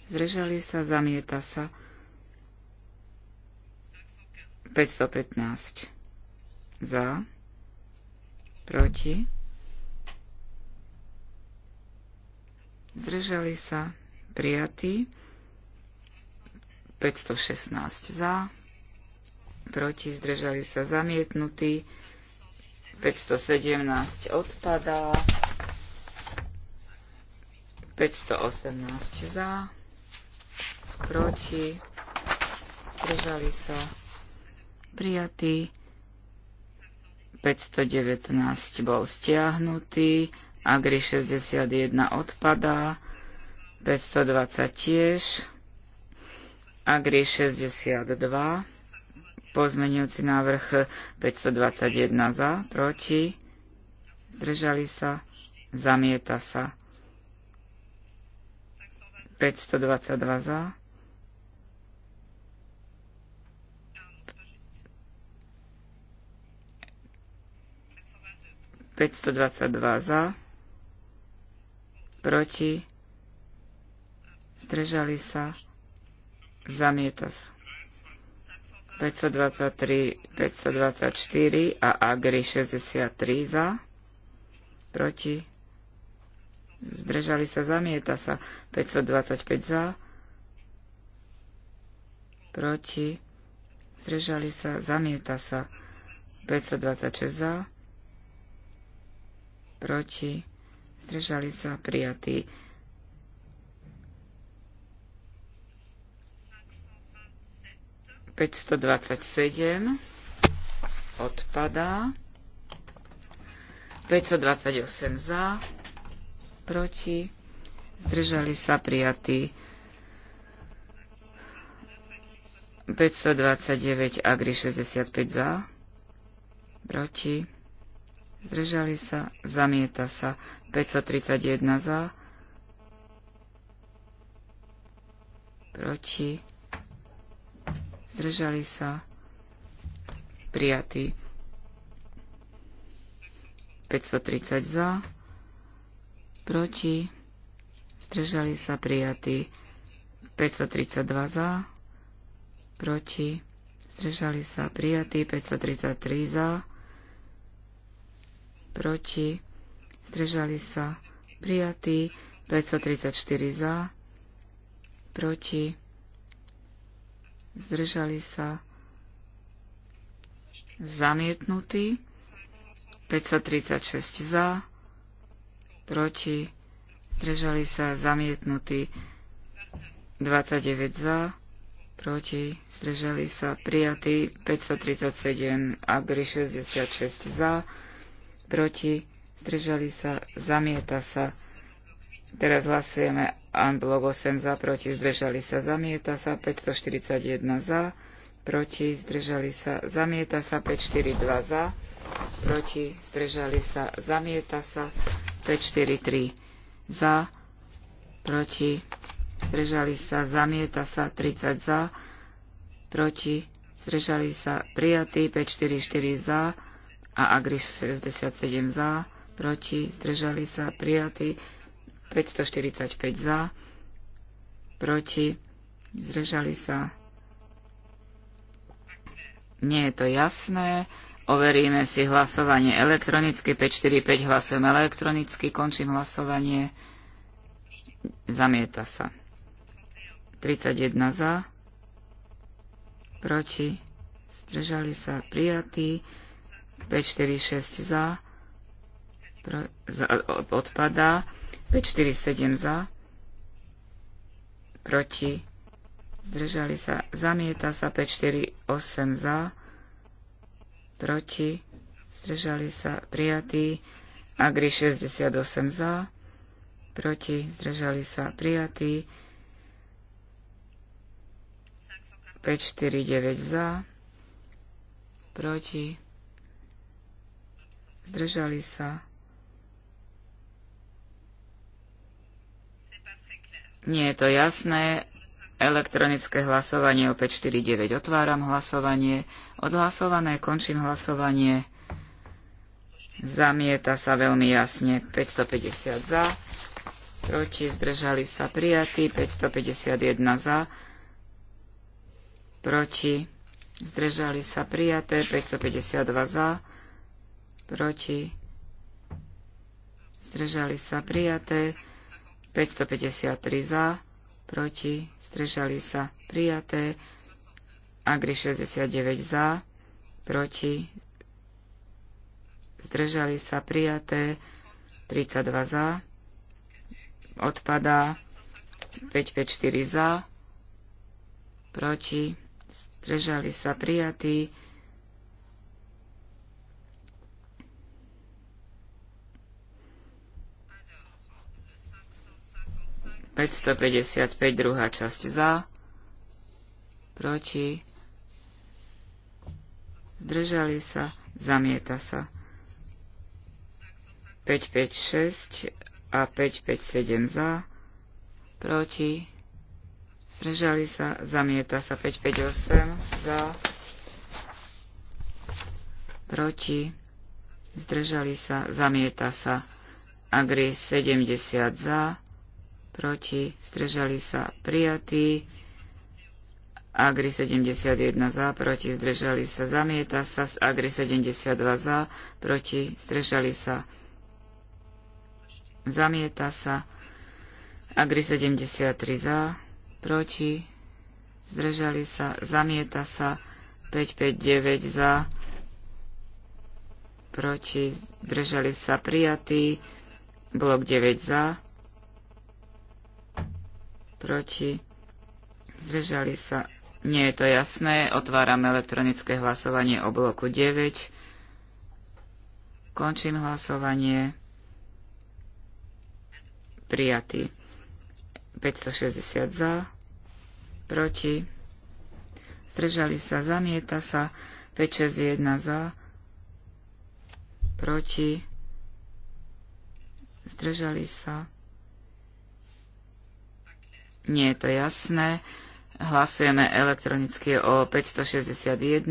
C: zrežali sa, zamieta sa. 515 za, proti, zrežali sa, prijatí, 516 za, proti, zdržali sa zamietnutí, 517 odpadá, 518 za, proti, zdržali sa prijatí, 519 bol stiahnutý, Agri 61 odpadá, 520 tiež, Agri 62, Pozmeňujúci návrh 521 za, proti, zdržali sa, zamieta sa. 522 za. Päťsto za, proti, zdržali sa, zamieta sa. 523, 524 a Agri 63 za, proti, zdržali sa, zamieta sa, 525 za, proti, zdržali sa, zamieta sa, 526 za, proti, zdržali sa, prijatý, 527 odpadá. 528 za, proti, zdržali sa prijatí 529 agri 65 za, proti, zdržali sa, zamieta sa 531 za, proti, zdržali sa, prijatí, 530 za, proti, zdržali sa, prijatí, 532 za, proti, zdržali sa, prijatí, 533 za, proti, zdržali sa, prijatí, 534 za, proti, zdržali sa zamietnutí, 536 za, proti, zdržali sa zamietnutí, 29 za, proti, zdržali sa prijatí, 537, agri 66 za, proti, zdržali sa, zamieta sa, Teraz hlasujeme unblock 8 za, proti, zdržali sa, zamieta sa, 541 za, proti, zdržali sa, zamieta sa, 542 za, proti, zdržali sa, zamieta sa, 543 za, proti, zdržali sa, zamieta sa, 30 za, proti, zdržali sa, prijatý, 544 za a Agriš 67 za, proti, zdržali sa, prijatý, 545 za, proti, zdržali sa. Nie je to jasné. Overíme si hlasovanie elektronicky. 545 hlasujem elektronicky. Končím hlasovanie. Zamieta sa. 31 za. Proti. Zdržali sa. Prijatí. 546 za. Pro, za odpadá. 547 za, proti, zdržali sa, zamieta sa 548 za, proti, zdržali sa, prijatý, Agri 68 za, proti, zdržali sa, prijatý, 549 za, proti, zdržali sa, Nie je to jasné. Elektronické hlasovanie opäť 49. Otváram hlasovanie. Odhlasované. Končím hlasovanie. Zamieta sa veľmi jasne. 550 za. Proti. Zdržali sa prijatí. 551 za. Proti. Zdržali sa prijaté. 552 za. Proti. Zdržali sa prijaté. 553 za, proti, zdržali sa prijaté, Agri 69 za, proti, zdržali sa prijaté, 32 za, odpadá, 554 za, proti, zdržali sa prijatí, 555 druhá časť za, proti, zdržali sa, zamieta sa. 556 a 557 za, proti, zdržali sa, zamieta sa 558 za, proti, zdržali sa, zamieta sa, agri 70 za, proti, zdržali sa prijatí. Agri 71 za, proti, zdržali sa, zamieta sa. Agri 72 za, proti, zdržali sa, zamieta sa. Agri 73 za, proti, zdržali sa, zamieta sa. 559 za, proti, zdržali sa prijatí, blok 9 za, proti, zdržali sa. Nie je to jasné, otváram elektronické hlasovanie o bloku 9. Končím hlasovanie. Prijatý. 560 za, proti, zdržali sa, zamieta sa, 561 za, proti, zdržali sa, nie je to jasné. Hlasujeme elektronicky o 561.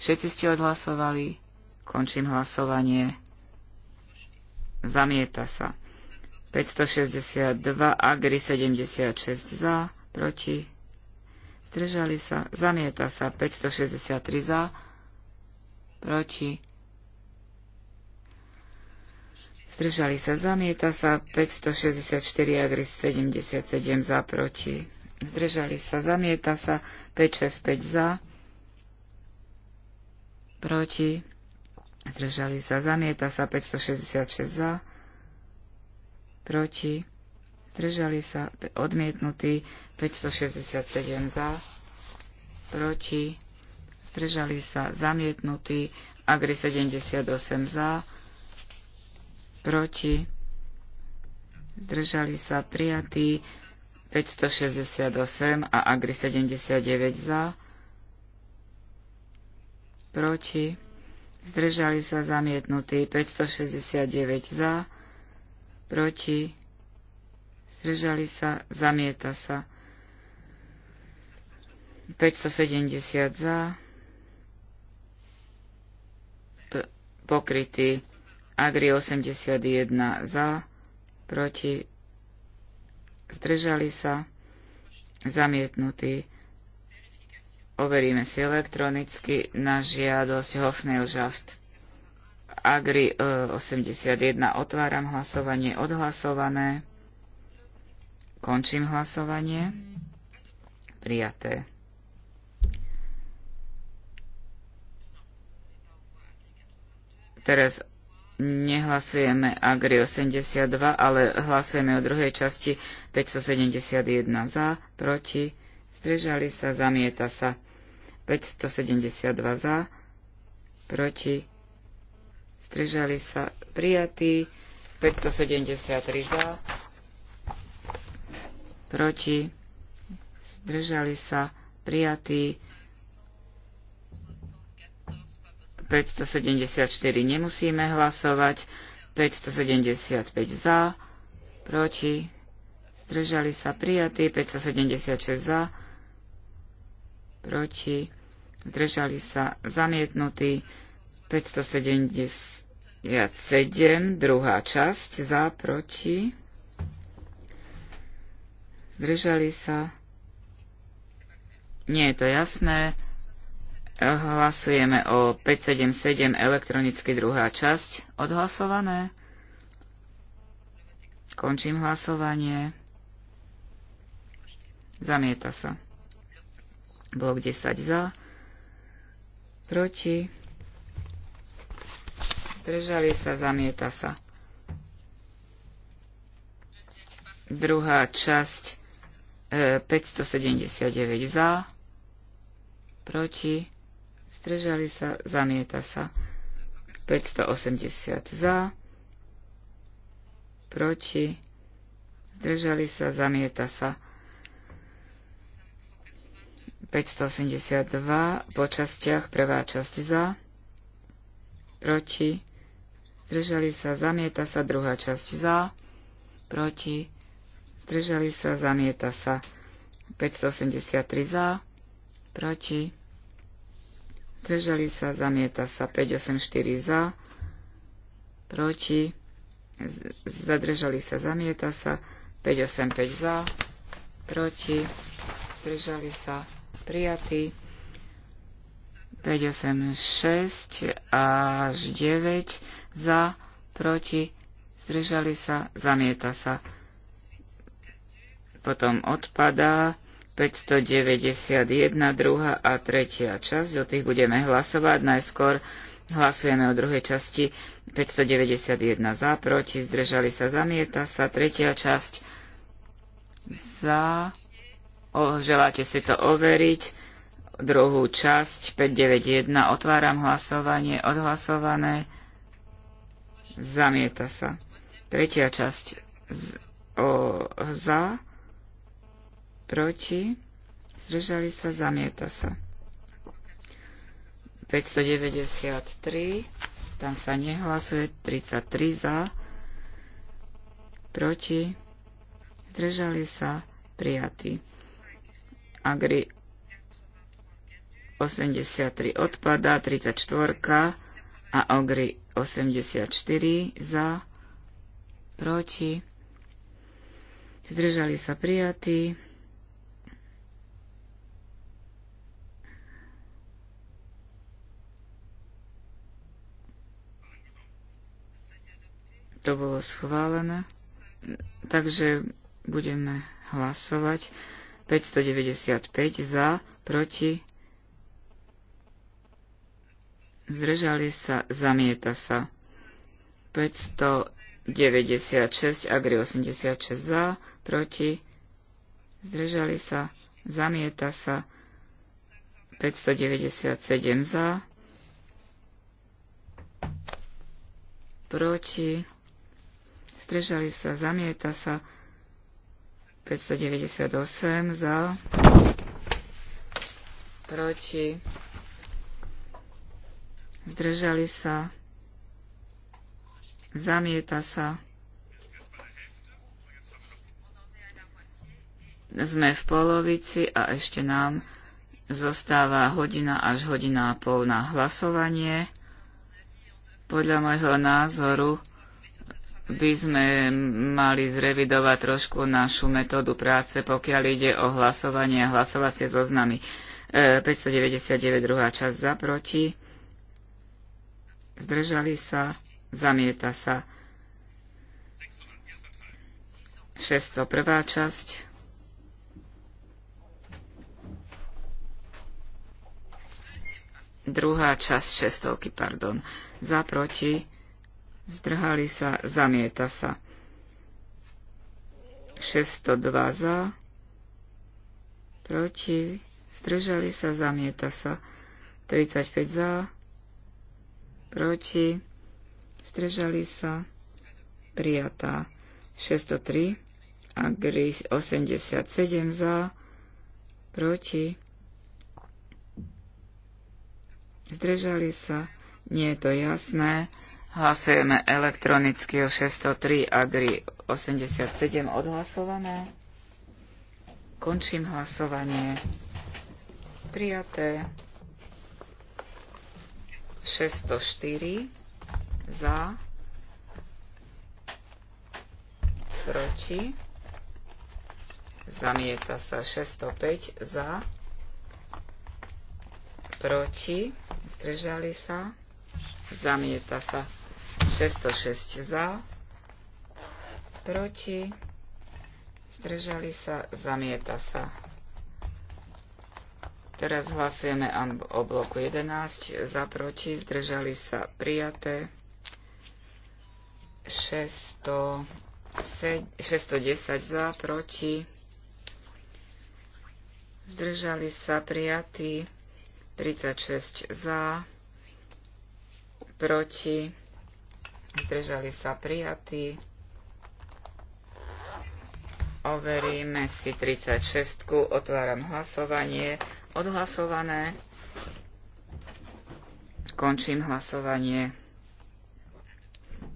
C: Všetci ste odhlasovali. Končím hlasovanie. Zamieta sa. 562, Agri 76 za, proti. Zdržali sa. Zamieta sa. 563 za, proti. Zdržali sa zamieta sa 564 agri 77 za proti. Zdržali sa zamieta sa 565 za proti. Zdržali sa zamieta sa 566 za proti. Zdržali sa odmietnutí 567 za proti. Zdržali sa zamietnutí agri 78 za proti proti, zdržali sa prijatí 568 a Agri 79 za, proti, zdržali sa zamietnutí 569 za, proti, zdržali sa, zamieta sa 570 za, pokrytý Agri 81 za, proti, zdržali sa, zamietnutý. Overíme si elektronicky na žiadosť žaft. Agri 81 e, otváram hlasovanie odhlasované. Končím hlasovanie. Prijaté. Teraz nehlasujeme Agri 82, ale hlasujeme o druhej časti 571 za, proti, zdržali sa, zamieta sa. 572 za, proti, zdržali sa, prijatý. 573 za, proti, zdržali sa, prijatý. 574 nemusíme hlasovať, 575 za, proti, zdržali sa prijatí, 576 za, proti, zdržali sa zamietnutí, 577, druhá časť, za, proti, zdržali sa, nie je to jasné, Hlasujeme o 577 elektronicky druhá časť. Odhlasované. Končím hlasovanie. Zamieta sa. Blok 10 za. Proti. Držali sa, zamieta sa. Druhá časť 579 e, za. Proti zdržali sa, zamieta sa. 580 za, proti, zdržali sa, zamieta sa. 582 po častiach, prvá časť za, proti, zdržali sa, zamieta sa, druhá časť za, proti, zdržali sa, zamieta sa. 583 za, proti, zdržali sa, zamieta sa 584 za, proti, zadržali sa, zamieta sa 585 za, proti, zdržali sa, prijatí 586 až 9 za, proti, zdržali sa, zamieta sa. Potom odpadá 591, druhá a tretia časť. O tých budeme hlasovať. Najskôr hlasujeme o druhej časti 591 za, proti, zdržali sa, zamieta sa. Tretia časť za, o, želáte si to overiť. Druhú časť 591, otváram hlasovanie, odhlasované, zamieta sa. Tretia časť z, o, za, proti, zdržali sa, zamieta sa. 593, tam sa nehlasuje, 33 za, proti, zdržali sa, prijatí. Agri 83 odpada, 34 a Ogri 84 za, proti, zdržali sa prijatí. To bolo schválené. Takže budeme hlasovať. 595 za, proti. Zdržali sa, zamieta sa. 596, Agri 86 za, proti. Zdržali sa, zamieta sa. 597 za, proti zdržali sa, zamieta sa 598 za, proti, zdržali sa, zamieta sa. Sme v polovici a ešte nám zostáva hodina až hodina a pol na hlasovanie. Podľa môjho názoru by sme mali zrevidovať trošku našu metódu práce, pokiaľ ide o hlasovanie a hlasovacie zoznamy. E, 599 druhá časť za, proti. Zdržali sa, zamieta sa. 601. časť. Druhá časť šestovky, pardon. Za, proti zdrhali sa, zamieta sa. 602 za, proti, zdržali sa, zamieta sa. 35 za, proti, zdržali sa, prijatá. 603, Agri 87 za, proti, zdržali sa, nie je to jasné, Hlasujeme elektronicky o 603 Agri 87 odhlasované. Končím hlasovanie. Prijaté. 604 za. Proti. Zamieta sa 605 za. Proti. Zdržali sa. Zamieta sa 606 za, proti, zdržali sa, zamieta sa. Teraz hlasujeme o bloku 11, za, proti, zdržali sa, prijaté. 610 za, proti, zdržali sa, prijatí, 36 za, proti, zdržali sa prijatí. Overíme si 36. Otváram hlasovanie. Odhlasované. Končím hlasovanie.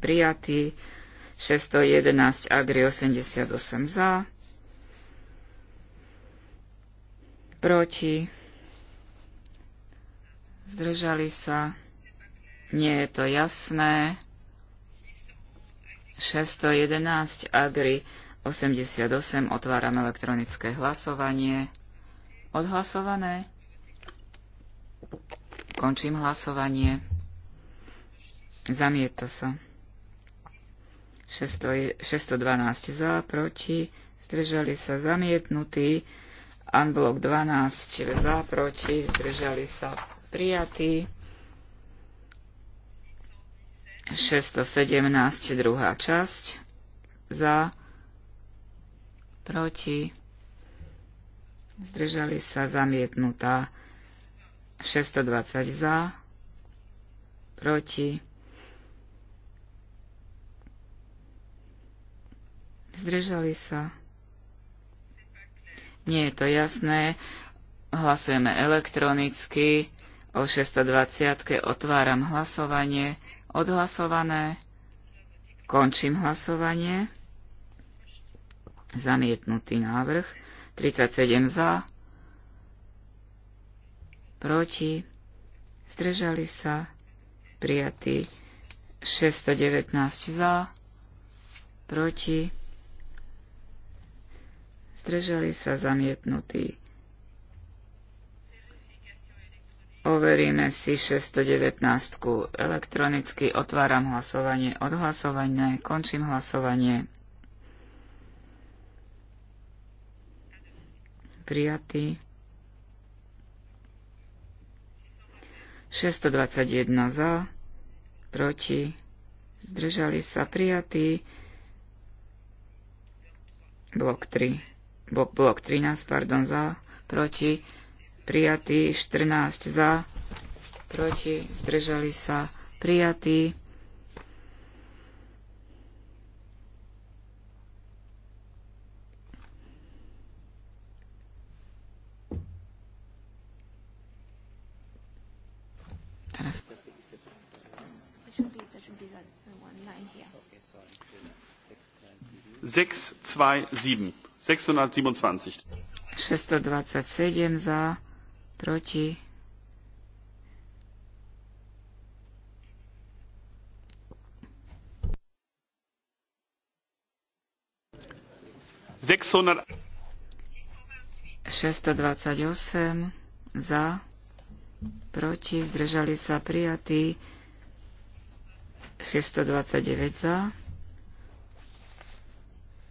C: Prijatý. 611 Agri 88 za. Proti. Zdržali sa. Nie je to jasné. 611 Agri 88. Otváram elektronické hlasovanie. Odhlasované. Končím hlasovanie. Zamieta sa. 612 za, proti, zdržali sa zamietnutí. Unblock 12 za, proti, zdržali sa prijatí. 617, druhá časť, za, proti, zdržali sa zamietnutá, 620 za, proti, zdržali sa. Nie je to jasné, hlasujeme elektronicky, o 620 otváram hlasovanie, Odhlasované. Končím hlasovanie. Zamietnutý návrh. 37 za. Proti. Zdržali sa. Prijatý. 619 za. Proti. Zdržali sa zamietnutí. Overíme si 619. Elektronicky otváram hlasovanie, odhlasovanie, končím hlasovanie. Prijatý. 621 za, proti, zdržali sa prijatí. Blok 3. Blok, blok 13, pardon, za, proti prijatý, 14 za, proti, zdržali sa, prijatý. Teraz.
A: Sechs, zwei, sieben. 627.
C: 627 za proti, šesťsto dvadsať osem za proti zdržali sa prijatí 629 za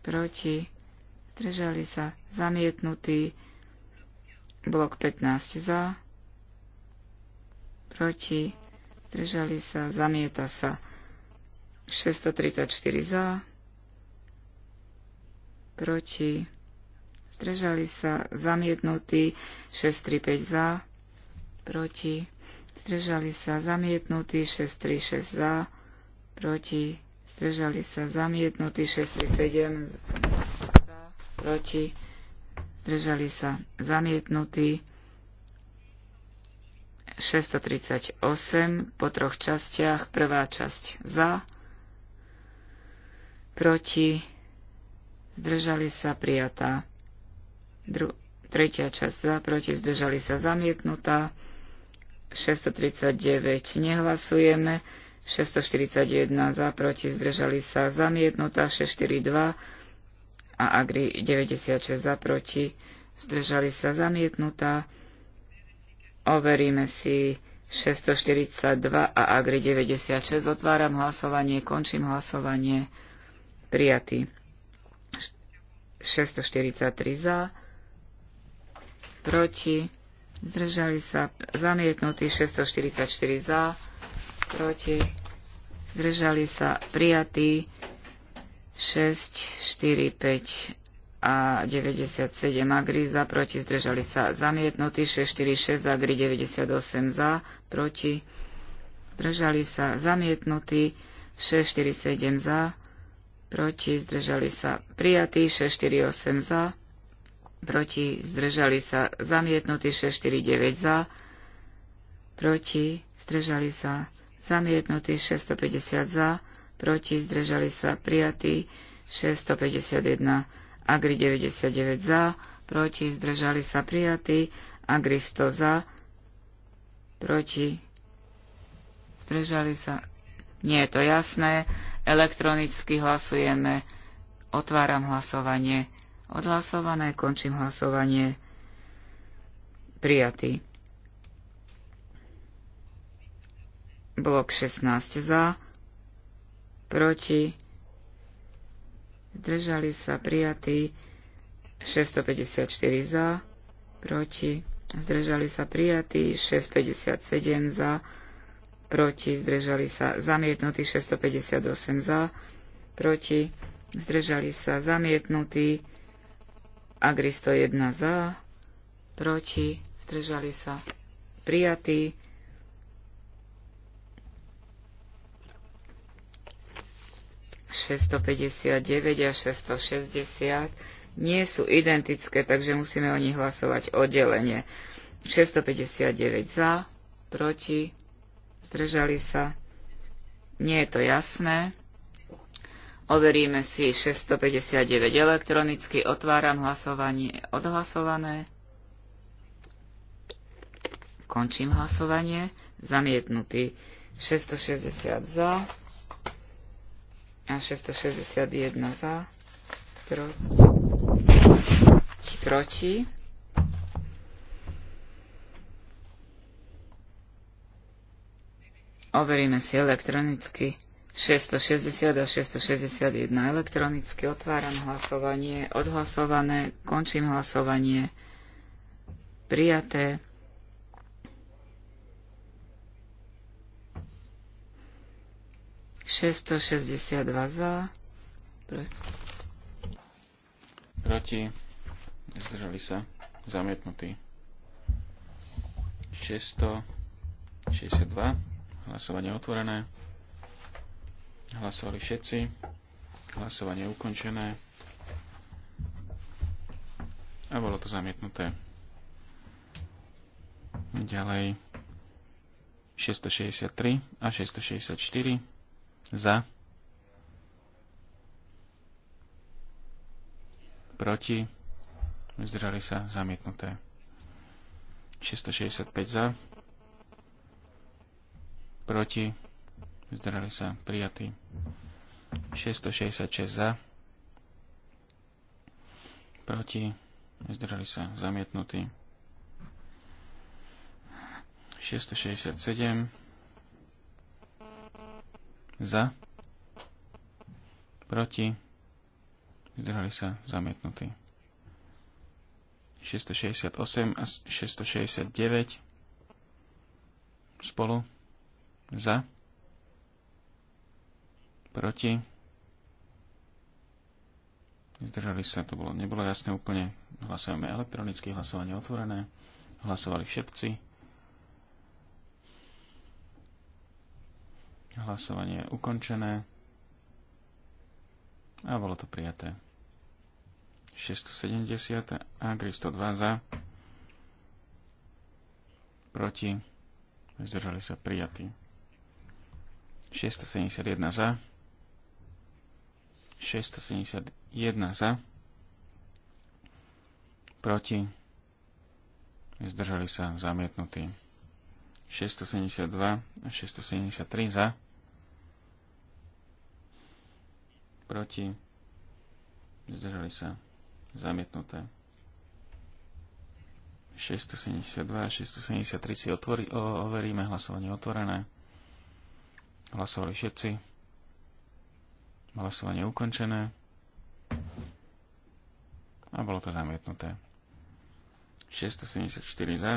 C: proti zdržali sa zamietnutí Blok 15 za, proti, držali sa, zamieta sa. 634 za, proti, zdržali sa, zamietnutý, 635 za, proti, zdržali sa, zamietnutý, 636 za, proti, zdržali sa, zamietnutý, 637 za, proti, zdržali sa zamietnutí. 638 po troch častiach, prvá časť za, proti, zdržali sa prijatá. Dru- tretia časť za, proti, zdržali sa zamietnutá. 639 nehlasujeme, 641 za, proti, zdržali sa zamietnutá, 642 a Agri 96 za proti, zdržali sa zamietnutá. Overíme si 642 a Agri 96. Otváram hlasovanie, končím hlasovanie. Prijatý. 643 za, proti, zdržali sa, zamietnutí, 644 za, proti, zdržali sa, prijatý 6, 4, 5 a 97 agri za, proti, zdržali sa zamietnutí, 6, 4, 6 agri, 98 za, proti, zdržali sa zamietnutí, 6, 4, 7 za, proti, zdržali sa prijatí, 6, 4, 8 za, proti, zdržali sa zamietnutí, 6, 4, 9 za, proti, zdržali sa zamietnutí, 650 za, proti, zdržali sa prijatí 651, Agri 99 za, proti, zdržali sa prijatí, Agri 100 za, proti, zdržali sa. Nie je to jasné, elektronicky hlasujeme, otváram hlasovanie, odhlasované, končím hlasovanie, prijatý. Blok 16 za, proti, zdržali sa prijatí 654 za, proti, zdržali sa prijatí 657 za, proti, zdržali sa zamietnutí 658 za, proti, zdržali sa zamietnutí Agri 101 za, proti, zdržali sa prijatí 659 a 660 nie sú identické, takže musíme o nich hlasovať oddelenie. 659 za, proti, zdržali sa. Nie je to jasné. Overíme si 659 elektronicky. Otváram hlasovanie odhlasované. Končím hlasovanie. Zamietnutý. 660 za a 661 za, proti, proti. Overíme si elektronicky 660 a 661 elektronicky. Otváram hlasovanie, odhlasované, končím hlasovanie, prijaté. 662 za.
B: Proti. Zdržali sa. Zamietnutí. 662. Hlasovanie otvorené. Hlasovali všetci. Hlasovanie ukončené. A bolo to zamietnuté. Ďalej 663 a 664 za, proti, zdržali sa zamietnuté. 665 za, proti, zdržali sa prijatí. 666 za, proti, zdržali sa zamietnutí. 667 za, proti, zdržali sa zamietnutí. 668 a 669 spolu za, proti, zdržali sa, to bolo, nebolo jasné úplne, hlasujeme elektronicky, hlasovanie otvorené, hlasovali všetci, Hlasovanie je ukončené. A bolo to prijaté. 670 a 302 za. Proti. Zdržali sa prijatí. 671 za. 671 za. Proti. Zdržali sa zamietnutí. 672 a 673 za proti, zdržali sa zamietnuté. 672 a 673 si overíme, hlasovanie otvorené. Hlasovali všetci. Hlasovanie ukončené. A bolo to zamietnuté. 674 za.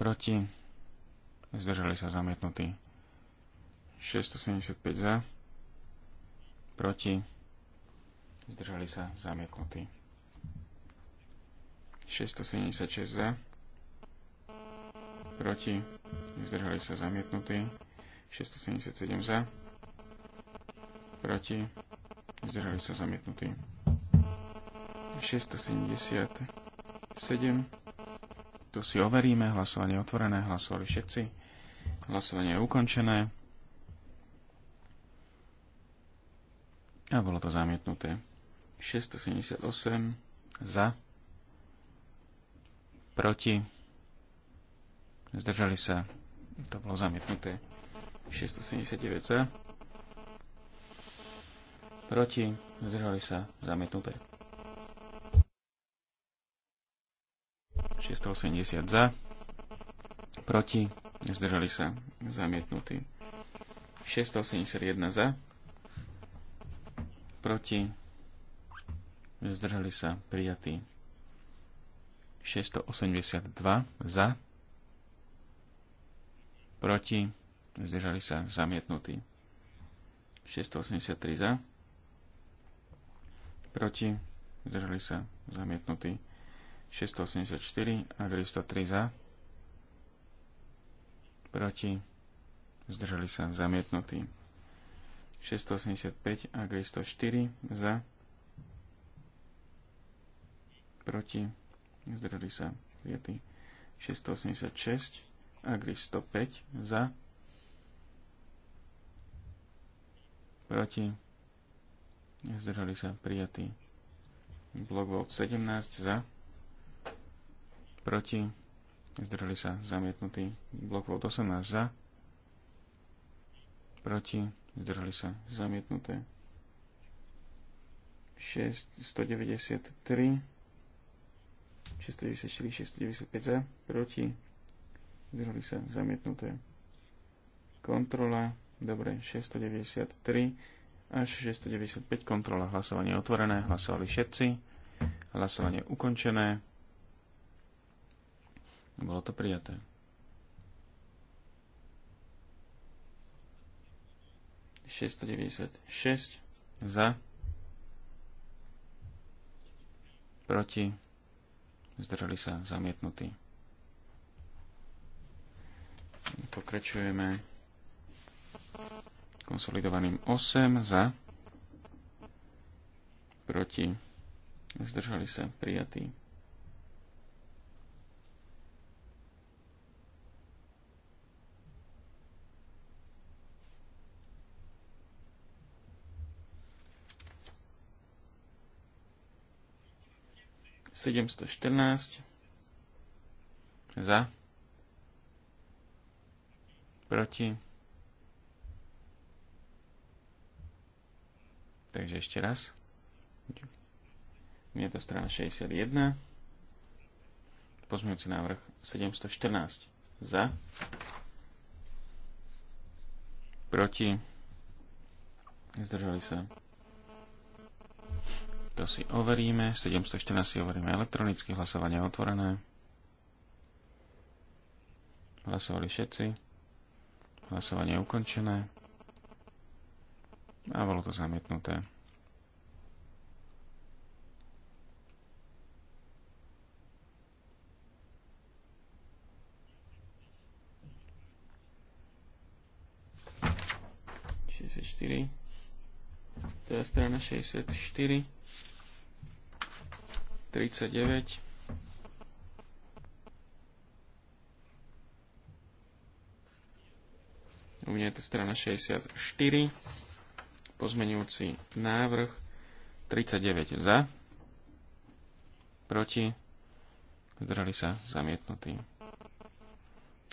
B: Proti. Zdržali sa zamietnutí. 675 za, proti, zdržali sa zamietnutí. 676 za, proti, zdržali sa zamietnutí. 677 za, proti, zdržali sa zamietnutí. 677, tu si overíme, hlasovanie otvorené, hlasovali všetci, hlasovanie je ukončené. A bolo to zamietnuté. 678 za, proti, zdržali sa, to bolo zamietnuté. 679 za, proti, zdržali sa, zamietnuté. 680 za, proti, zdržali sa, zamietnutí. 681 za, proti, zdržali sa prijatí 682 za, proti, zdržali sa zamietnutí 683 za, proti, zdržali sa zamietnutí 684 a 303 za, proti, zdržali sa zamietnutí 685 a 204 za, proti, zdržali sa prijatí 686 a 105 za, proti, zdržali sa prijatí blok volt 17 za, proti, zdržali sa zamietnutý blok volt 18 za, proti, zdržali sa zamietnuté. 6, 193, 694, 695 za, proti, zdržali sa zamietnuté. Kontrola, dobre, 693 až 695, kontrola, hlasovanie otvorené, hlasovali všetci, hlasovanie ukončené, bolo to prijaté. 696 za, proti, zdržali sa zamietnutí. Pokračujeme konsolidovaným 8 za, proti, zdržali sa prijatí. 714 za, proti. Takže ešte raz. Je to strana 61. Pozmeňujúci návrh 714 za, proti, zdržali sa to si overíme. 714 si overíme elektronicky. Hlasovanie je otvorené. Hlasovali všetci. Hlasovanie je ukončené. A bolo to zamietnuté. you. To je strana 64. 39. U mňa je to strana 64. Pozmenujúci návrh 39 za. Proti. zdrali sa zamietnutí.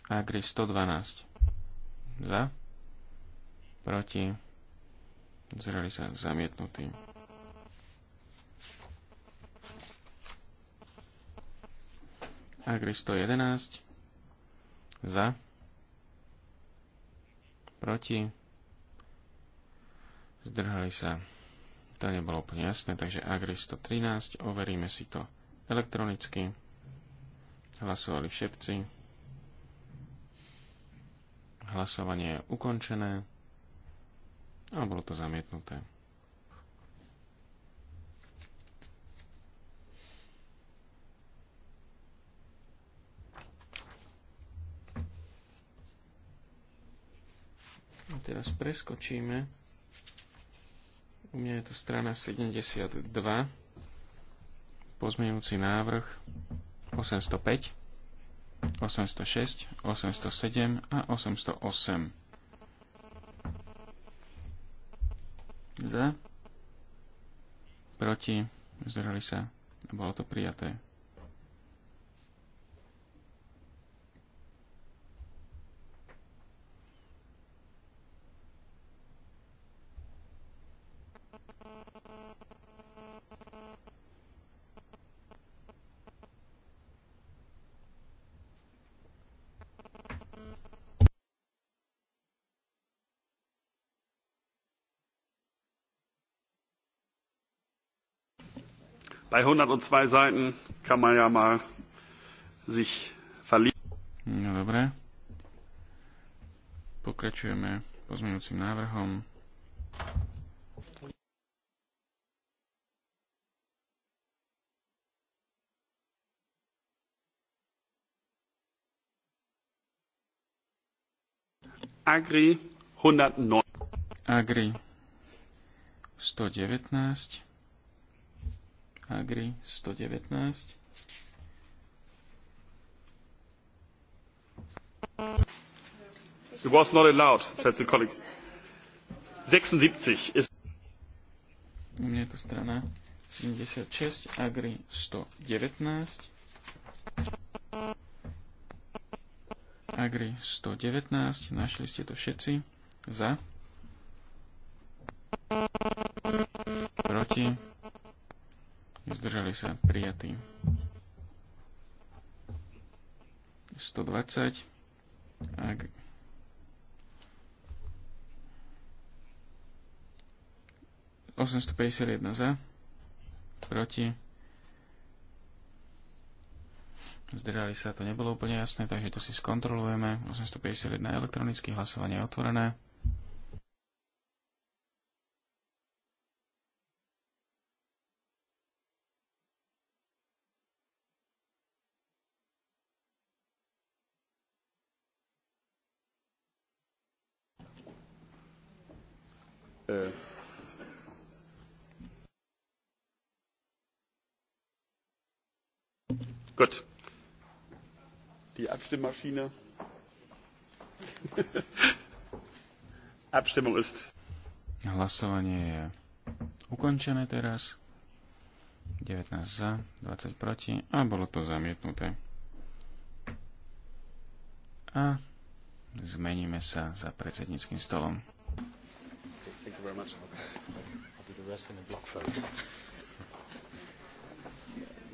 B: Agri 112 za. Proti Zreli sa zamietnutí. Agri 111 za proti zdrhali sa to nebolo úplne jasné, takže Agri 113 overíme si to elektronicky hlasovali všetci hlasovanie je ukončené a bolo to zamietnuté. A teraz preskočíme. U mňa je to strana 72. Pozmeňujúci návrh 805, 806, 807 a 808. za, proti, zdržali sa, bolo to prijaté.
A: Bei 102 Seiten kann man ja mal sich verlieren.
B: No dobre. Pokračujeme pozmeňujúcim návrhom.
A: Agri 109.
B: Agri 119. Agri 119.
A: It was not allowed, says the colleague.
B: 76 is... Mne je to strana 76, Agri 119. Agri 119, našli ste to všetci. Za. Proti zdržali sa prijatí. 120. Ak ...851 za, proti, zdržali sa, to nebolo úplne jasné, takže to si skontrolujeme, 851 elektronicky, hlasovanie je otvorené.
A: Abstimmmaschine. Abstimmung ist.
B: Hlasovanie je ukončené teraz. 19 za, 20 proti a bolo to zamietnuté. A zmeníme sa za predsedníckým stolom.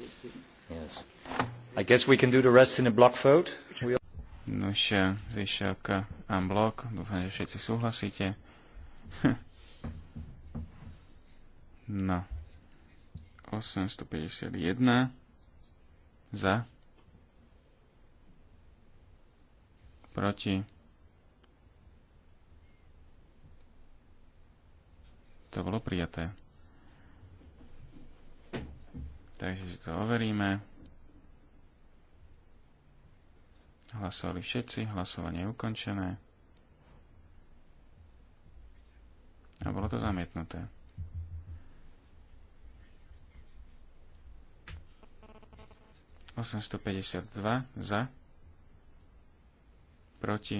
E: Okay, yes.
B: I guess we can do the rest in a block vote. We... Nuž, zvyšok en blok, dúfam, že všetci súhlasíte. no. 851 za proti to bolo prijaté takže si to overíme Hlasovali všetci, hlasovanie je ukončené. A bolo to zamietnuté. Osemsto za, proti,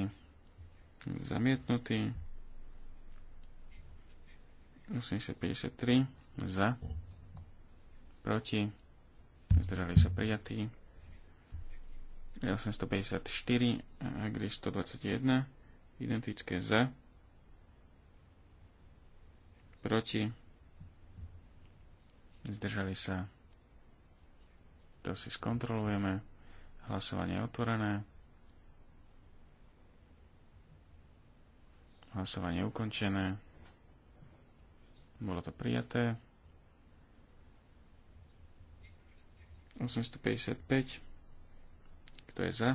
B: zamietnutý. 853 za, proti, Zdrali sa prijatí. 854 Agri 121 identické za proti zdržali sa to si skontrolujeme hlasovanie je otvorené hlasovanie je ukončené bolo to prijaté 855 kto je za?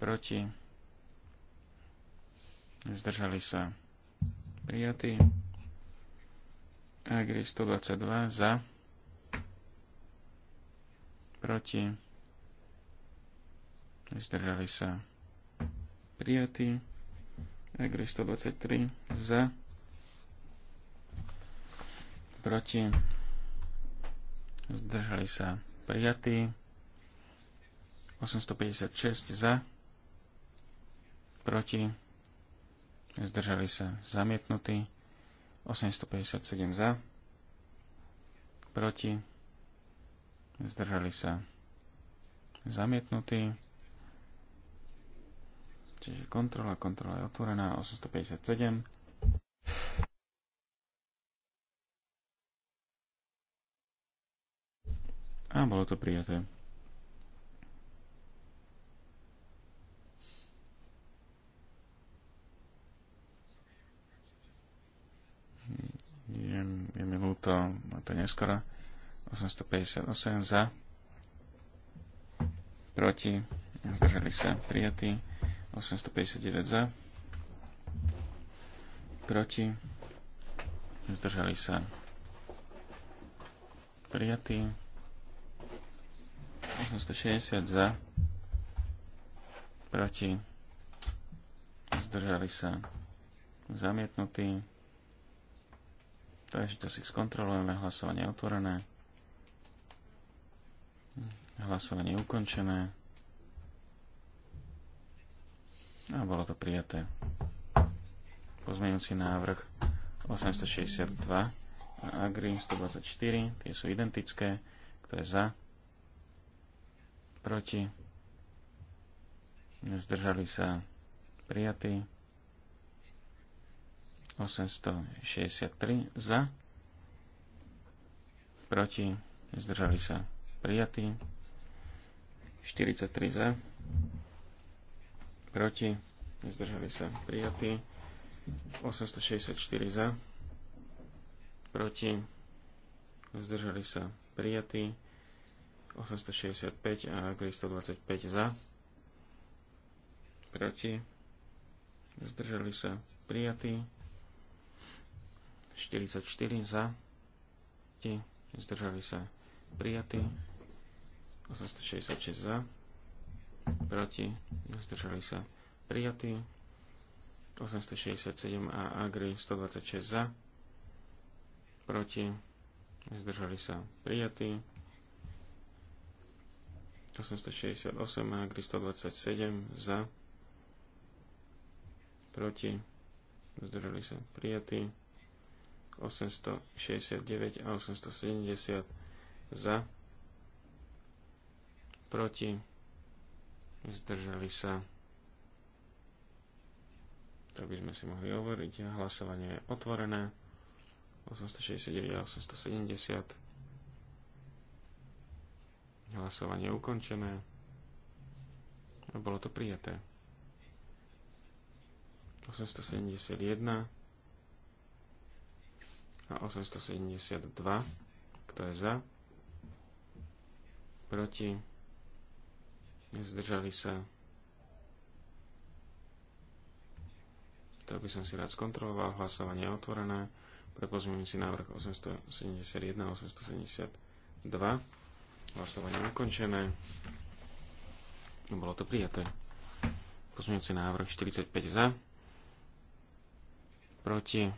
B: Proti? Zdržali sa prijatí. Agri 122 za. Proti? Zdržali sa prijatí. Agri 123 za. Proti? Zdržali sa prijatí. 856 za, proti, zdržali sa zamietnutí, 857 za, proti, zdržali sa zamietnutí, čiže kontrola, kontrola je otvorená, 857, a bolo to prijaté. je mi ľúto, a to neskoro, 858 za, proti, zdržali sa, prijatí, 859 za, proti, zdržali sa, prijatí, 860 za, proti, zdržali sa, zamietnutí, Takže to si skontrolujeme. Hlasovanie otvorené. Hlasovanie ukončené. A bolo to prijaté. Pozmeňujúci návrh 862 a Agri 124, tie sú identické. Kto je za? Proti? Zdržali sa prijatí. 863 za, proti, zdržali sa prijatí, 43 za, proti, zdržali sa prijatí, 864 za, proti, zdržali sa prijatí, 865 a 325 za, proti, zdržali sa prijatí, 44 za, zdržali sa prijatí, 866 za, proti, zdržali sa prijatí, 867 a Agri 126 za, proti, zdržali sa prijatí, 868 a Agri 127 za, proti, zdržali sa prijatí, 869 a 870 za, proti, zdržali sa. To by sme si mohli overiť. Hlasovanie je otvorené. 869 a 870. Hlasovanie je ukončené. A bolo to prijaté. 871 a 872. Kto je za? Proti? Zdržali sa? To by som si rád skontroloval. Hlasovanie je otvorené. Prepozmím si návrh 871 872. Hlasovanie ukončené. Bolo to prijaté. Pozmeňujúci návrh 45 za. Proti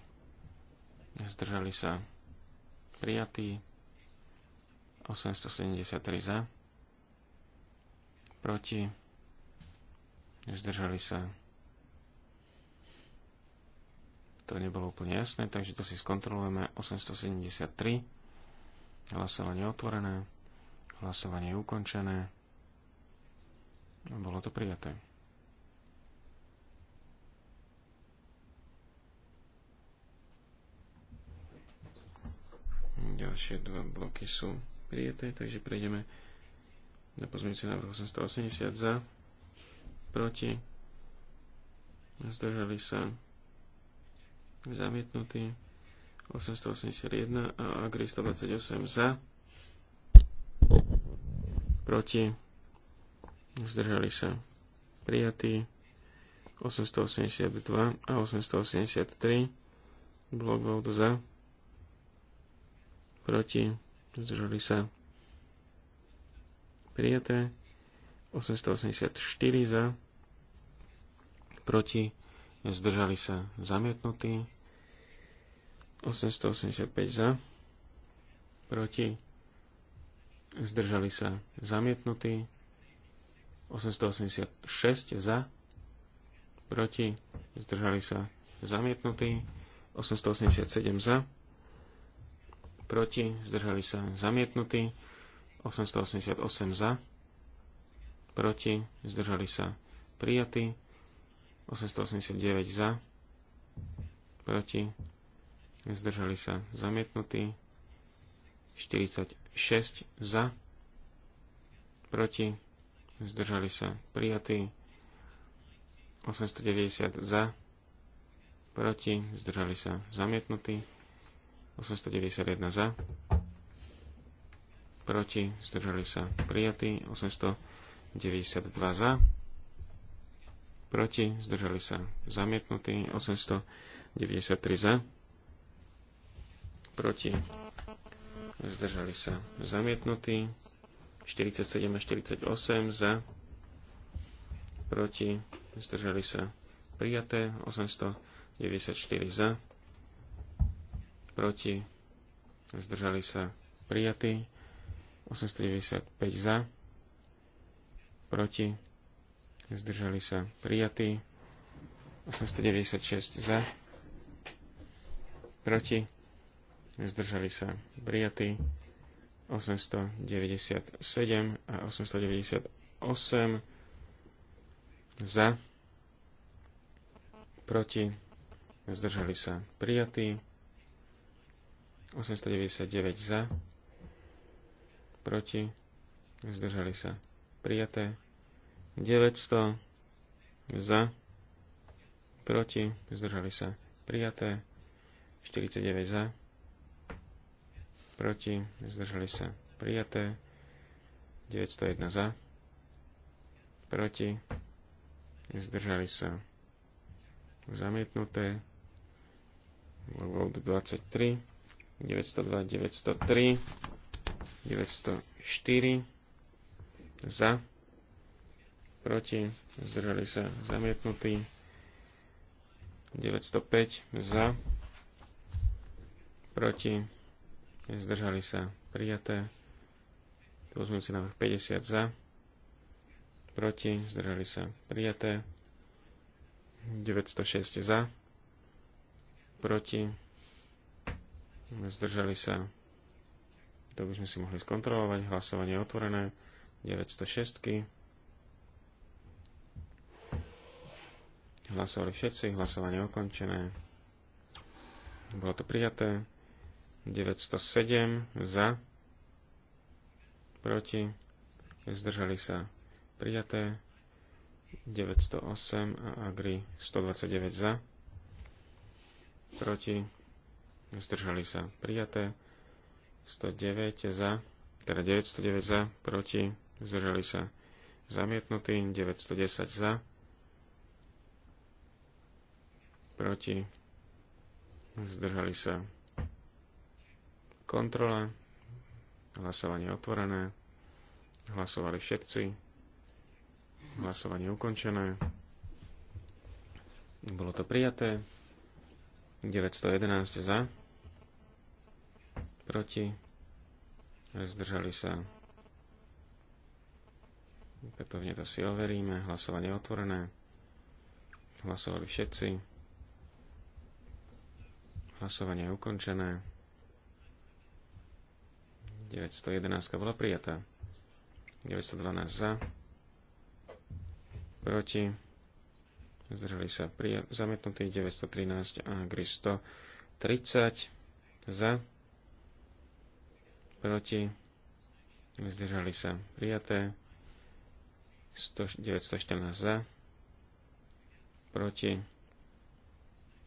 B: zdržali sa prijatí, 873 za, proti, zdržali sa. To nebolo úplne jasné, takže to si skontrolujeme. 873, hlasovanie otvorené, hlasovanie ukončené, bolo to prijaté. Ďalšie dva bloky sú prijeté, takže prejdeme na pozmeňujúci návrh 880 za, proti, zdržali sa, zamietnutí, 881 a Agri 128 za, proti, zdržali sa, prijatí, 882 a 883 blok za, proti, zdržali sa prijaté, 884 za, proti, zdržali sa zamietnutí, 885 za, proti, zdržali sa zamietnutí, 886 za, proti, zdržali sa zamietnutí, 887 za, proti, zdržali sa zamietnutí, 888 za, proti, zdržali sa prijatí, 889 za, proti, zdržali sa zamietnutí, 46 za, proti, zdržali sa prijatí, 890 za, proti, zdržali sa zamietnutí, 891 za, proti, zdržali sa prijatí, 892 za, proti, zdržali sa zamietnutí, 893 za, proti, zdržali sa zamietnutí, 47 a 48 za, proti, zdržali sa prijaté, 894 za, proti, zdržali sa prijatí, 895 za, proti, zdržali sa prijatí, 896 za, proti, zdržali sa prijatí, 897 a 898 za, proti, zdržali sa prijatí, 899 za, proti, zdržali sa prijaté, 900 za, proti, zdržali sa prijaté, 49 za, proti, zdržali sa prijaté, 901 za, proti, zdržali sa zamietnuté, 23 902, 903, 904 za, proti, zdržali sa zamietnutí, 905 za, proti, zdržali sa prijaté, si návrh 50 za, proti, zdržali sa prijaté, 906 za, proti, zdržali sa, to by sme si mohli skontrolovať, hlasovanie je otvorené, 906. Hlasovali všetci, hlasovanie ukončené. Bolo to prijaté. 907 za, proti, zdržali sa prijaté. 908 a Agri 129 za, proti, zdržali sa prijaté, 109 za, teda 909 za, proti, zdržali sa zamietnutí, 910 za, proti, zdržali sa kontrola, hlasovanie otvorené, hlasovali všetci, hlasovanie ukončené, bolo to prijaté. 911 za, proti, zdržali sa. Petovne to si overíme, hlasovanie otvorené. Hlasovali všetci. Hlasovanie je ukončené. 911 bola prijatá. 912 za, proti, zdržali sa pri zamietnutých 913 a Gry 130 za, proti, zdržali sa prijaté 914 za, proti,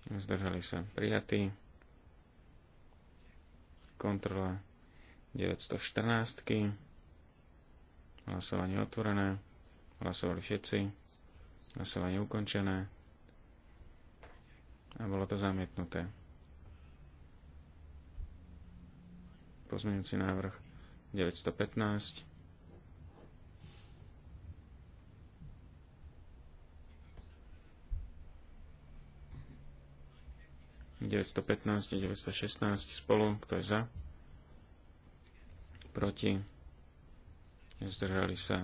B: zdržali sa prijatí, kontrola 914, hlasovanie otvorené, hlasovali všetci hlasovanie ukončené a bolo to zamietnuté. Pozmeňujúci návrh 915 915 a 916 spolu, kto je za? Proti? Zdržali sa?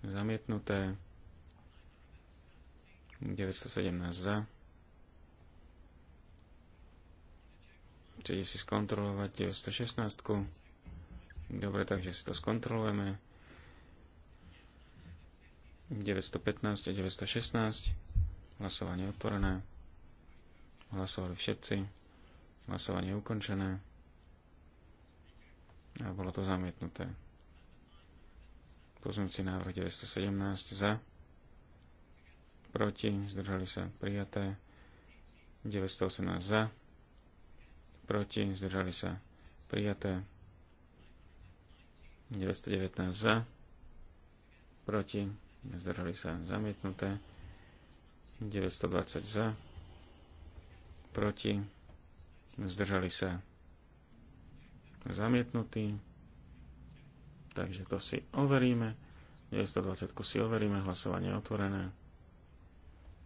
B: Zamietnuté. 917 za. Chcete si skontrolovať 916. -ku. Dobre, takže si to skontrolujeme. 915 a 916. Hlasovanie otvorené. Hlasovali všetci. Hlasovanie ukončené. A bolo to zamietnuté. Pozmúci návrh 917 za proti, zdržali sa prijaté, 918 za, proti, zdržali sa prijaté, 919 za, proti, zdržali sa zamietnuté, 920 za, proti, zdržali sa zamietnutí, takže to si overíme, 920 si overíme, hlasovanie je otvorené.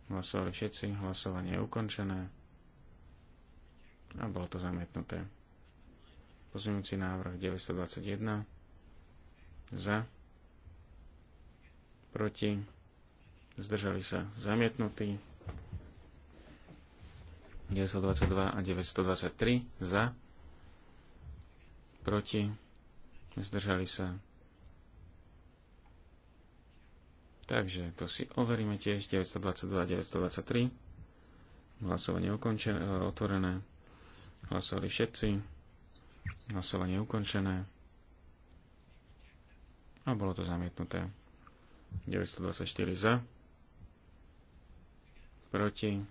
B: Hlasovali všetci, hlasovanie je ukončené a bolo to zamietnuté. Pozmeňujúci návrh 921 za, proti, zdržali sa zamietnutí, 922 a 923 za, proti, zdržali sa Takže to si overíme tiež 922 a 923. Hlasovanie ukončené, e, otvorené. Hlasovali všetci. Hlasovanie ukončené. A bolo to zamietnuté. 924 za. Proti.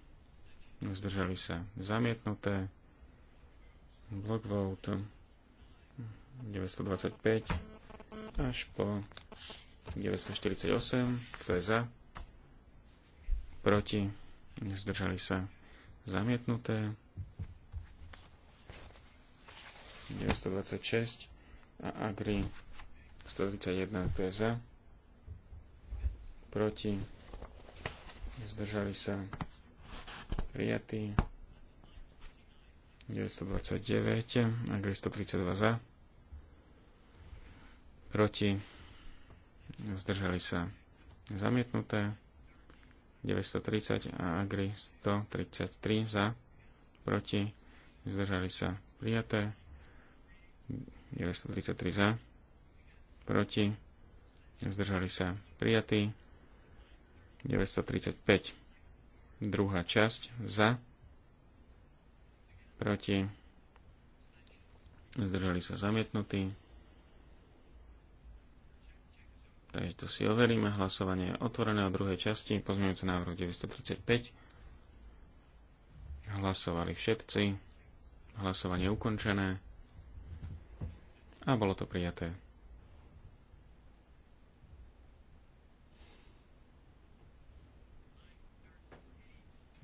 B: Zdržali sa zamietnuté. Block vote 925 až po 948, kto je za, proti, zdržali sa zamietnuté, 926 a Agri 131, kto je za, proti, zdržali sa prijatí, 929, Agri 132 za, proti, zdržali sa zamietnuté, 930 a Agri 133 za, proti, zdržali sa prijaté, 933 za, proti, zdržali sa prijatí, 935 druhá časť za, proti, zdržali sa zamietnutí, Takže to si overíme. Hlasovanie je otvorené o druhej časti. Pozmeňujúce návrh 935. Hlasovali všetci. Hlasovanie je ukončené. A bolo to prijaté.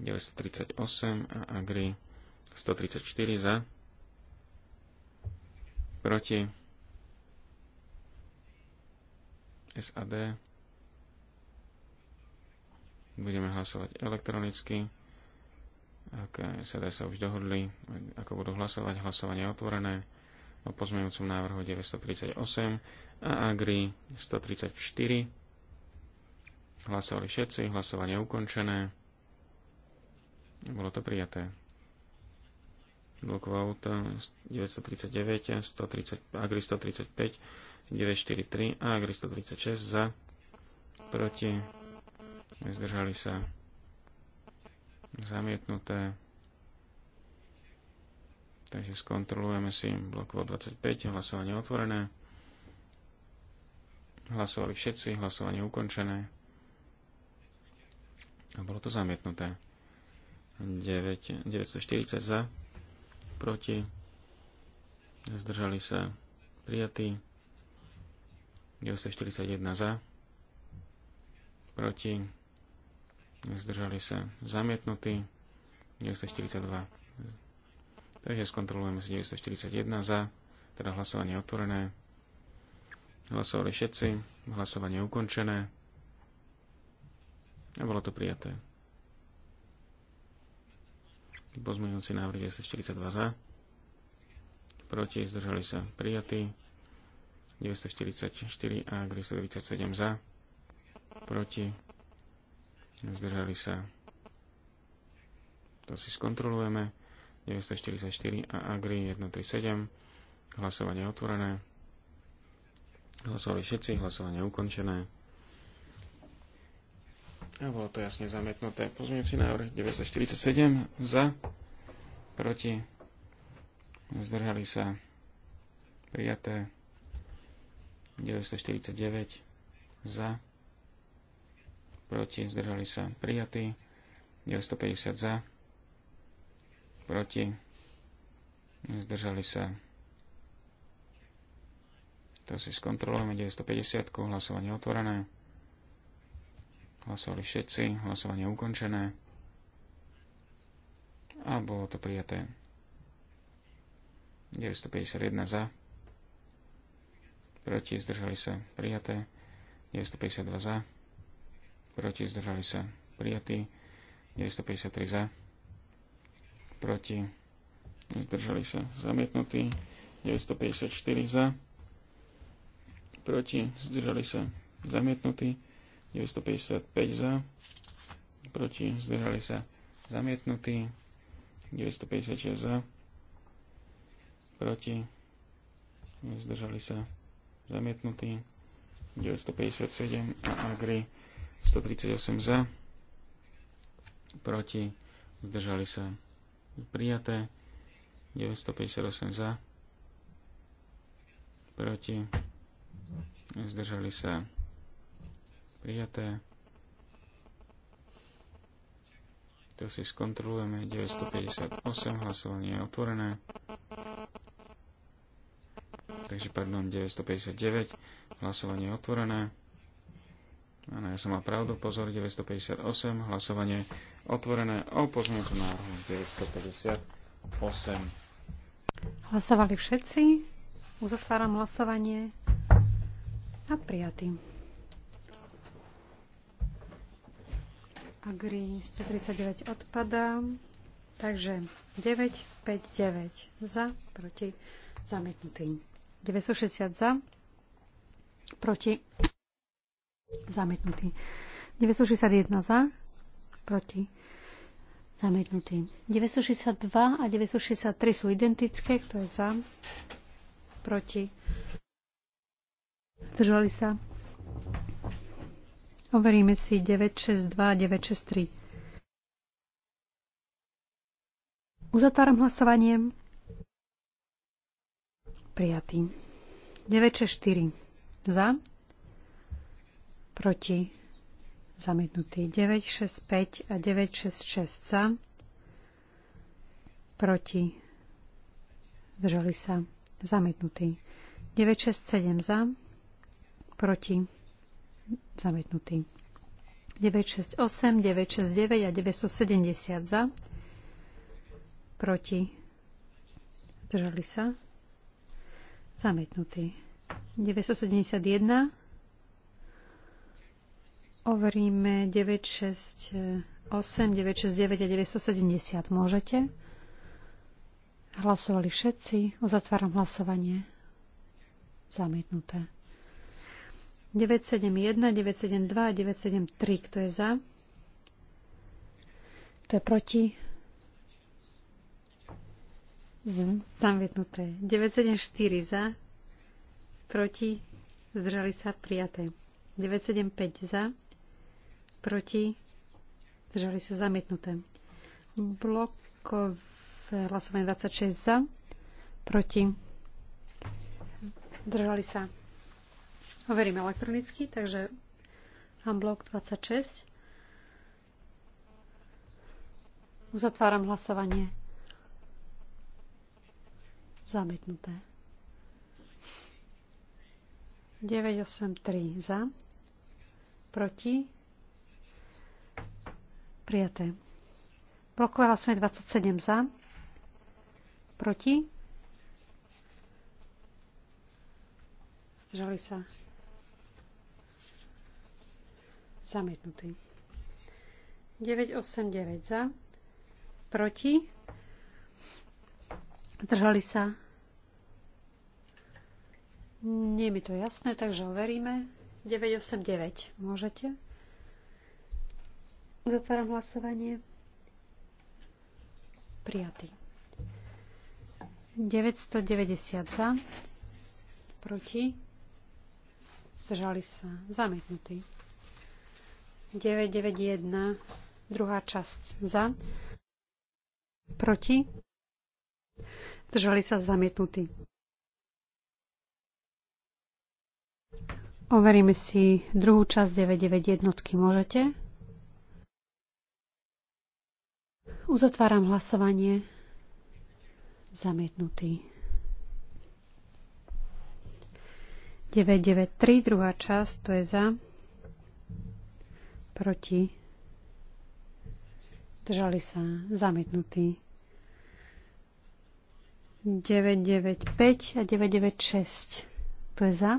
B: ...938 a Agri 134 za, proti SAD. Budeme hlasovať elektronicky. Ak SAD sa už dohodli, ako budú hlasovať, hlasovanie je otvorené o pozmeňujúcom návrhu 938 a Agri 134. Hlasovali všetci, hlasovanie je ukončené. Bolo to prijaté. Blokovalo to 939, 130, Agri 135, 943 a Agri 136 za, proti, zdržali sa zamietnuté. Takže skontrolujeme si blok 25, hlasovanie otvorené. Hlasovali všetci, hlasovanie ukončené. A bolo to zamietnuté. 9, 940 za, proti, zdržali sa prijatí. 941 za, proti, zdržali sa zamietnutí, 942. Takže skontrolujeme si 941 za, teda hlasovanie otvorené. Hlasovali všetci, hlasovanie ukončené a bolo to prijaté. Pozmeňujúci návrh 942 za, proti, zdržali sa prijatí. 944 a 997 za, proti, zdržali sa, to si skontrolujeme, 944 a Agri 137, hlasovanie otvorené, hlasovali všetci, hlasovanie ukončené a bolo to jasne zametnuté. si návrh 947 za, proti, zdržali sa, prijaté 949 za, proti, zdržali sa prijatí, 950 za, proti, zdržali sa. To si skontrolujeme, 950, hlasovanie otvorené, hlasovali všetci, hlasovanie ukončené a bolo to prijaté. 951 za, proti zdržali sa prijaté, 952 za, proti zdržali sa prijatí, 953 za, proti zdržali sa zamietnutí, 954 za, proti zdržali sa zamietnutí, 955 za, proti zdržali sa zamietnutí, 956 za, proti zdržali sa zamietnutý, 957 a Agri 138 za, proti, zdržali sa prijaté, 958 za, proti, zdržali sa prijaté. To si skontrolujeme, 958, hlasovanie je otvorené takže pardon, 959, hlasovanie je otvorené. Áno, ja som mal pravdu, pozor, 958, hlasovanie otvorené o pozmeňujúcom návrhu 958.
D: Hlasovali všetci, uzatváram hlasovanie a prijatý. Agri 139 odpadá, takže 9, 5, 9 za, proti, zamietnutý. 960 za, proti, zamietnutý. 961 za, proti, zamietnutý. 962 a 963 sú identické, kto je za, proti, zdržali sa. Overíme si 962 a 963. Uzatváram hlasovanie. Prijatý. 964 za. Proti. Zamietnutý. 965 a 966 za. Proti. Zdržali sa. Zamietnutý. 967 za. Proti. Zamietnutý. 968, 969 a 970 za. Proti. Zdržali sa zametnutý. 971. Overíme 968, 969 a 970. Môžete? Hlasovali všetci. Uzatváram hlasovanie. Zamietnuté. 971, 972 a 973. Kto je za? Kto je proti? Zamietnuté. 974 za. Proti. Zdržali sa prijaté. 975 za. Proti. Zdržali sa zamietnuté. Blokov hlasovanie 26 za. Proti. Zdržali sa. Overím elektronicky, takže blok 26. Uzatváram hlasovanie. Zamietnuté. 983 za. Proti. Prijaté. Blokovala sme 27 za. Proti. Zdržali sa. Zamietnutý. 989 za. Proti. Zdržali sa? Nie je mi to jasné, takže overíme. 989. Môžete? Zatváram hlasovanie. Prijatý. 990 za. Proti. Zdržali sa. Zamietnutý. 991. Druhá časť za. Proti. Držali sa zamietnutí. Overíme si druhú časť jednotky Môžete? Uzatváram hlasovanie. Zamietnutý. 993, druhá časť, to je za. Proti. Držali sa. Zamietnutý. 995 a 996. To je za.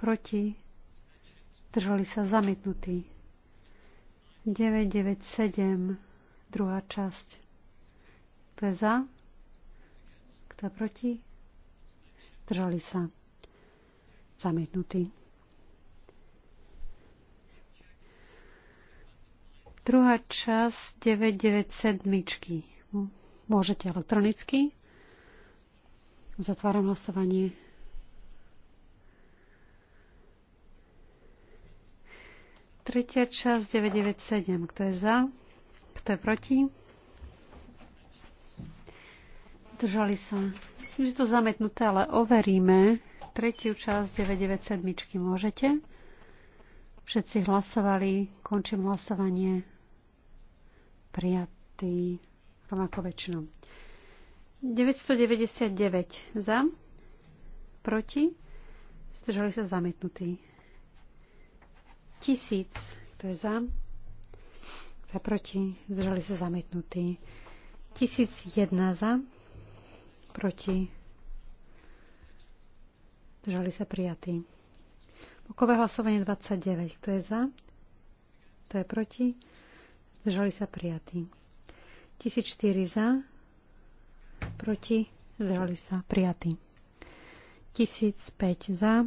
D: Proti. Držali sa zamietnutí. 997. Druhá časť. To je za. Kto je proti? Držali sa. Zamietnutí. Druhá časť 997. Môžete elektronicky. Zatváram hlasovanie. Tretia časť 997. Kto je za? Kto je proti? Držali sa. Myslím, že to zametnuté, ale overíme. Tretiu časť 997. Môžete? Všetci hlasovali. Končím hlasovanie. Prijatý rovnako väčšinou. 999 za, proti, zdržali sa zamietnutí. 1000 to je za, za proti, zdržali sa zamietnutí. 1001 za, proti, zdržali sa prijatí. Bokové hlasovanie 29, kto je za, kto je proti, zdržali sa prijatí. 1004 za, proti, zdržali sa prijatí. 1005 za,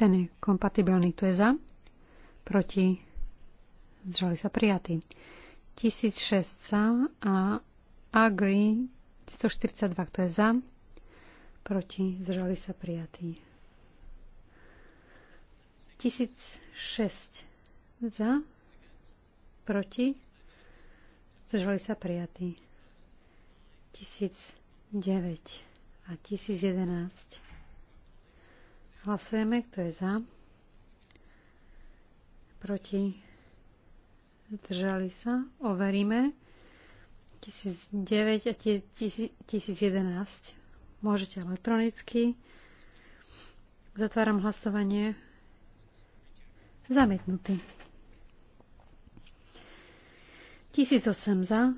D: ten je kompatibilný, tu je za, proti, zdržali sa prijatí. 1006 za a agree, 142, kto je za, proti, zdržali sa prijatí. 1006 za, proti, zdržali sa prijatí. 1009 a 1011. Hlasujeme, kto je za. Proti. Zdržali sa. Overíme. 1009 a 1011. Môžete elektronicky. Zatváram hlasovanie. Zamietnutý. 1008 za.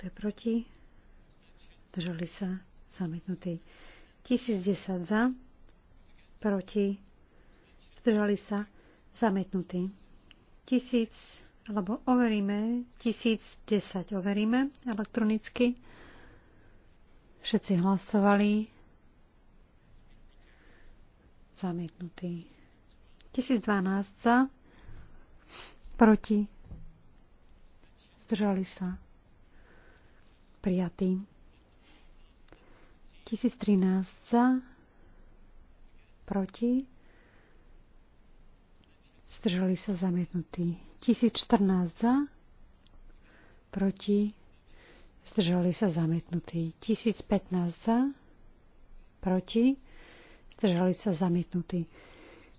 D: Kto je proti? Držali sa zamietnutí. 1010 za, proti, zdržali sa zamietnutí. 1000, alebo overíme, 1010 overíme elektronicky. Všetci hlasovali. Zamietnutý. 1012 za, proti, zdržali sa prijatý. 1013 za, proti, zdržali sa zamietnutí. 1014 za, proti, zdržali sa zamietnutí. 1015 za, proti, zdržali sa zamietnutí.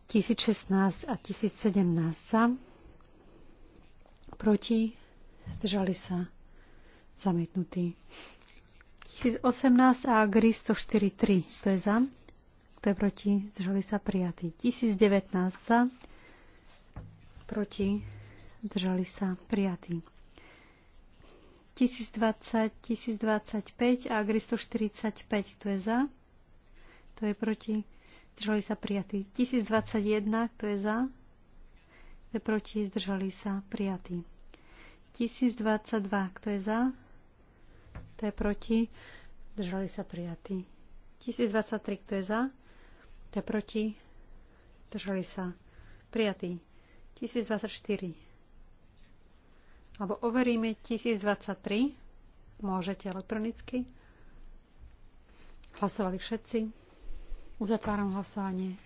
D: 1016 a 1017 za, proti, zdržali sa Zamietnutý. 1018 a Gry 143, Kto je za? Kto je proti? držali sa prijatí. 1019 za. Proti? držali sa prijatí. 1020, 1025 a Gry 145. Kto je za? Kto je proti? Držali sa prijatí. 1021. Kto je za? Kto je proti? Zdržali sa prijatí. 1022. Kto je za? kto je proti, zdržali sa prijatí. 1023, kto je za, kto je proti, zdržali sa prijatí. 1024. Alebo overíme 1023. Môžete elektronicky. Hlasovali všetci. Uzatváram hlasovanie.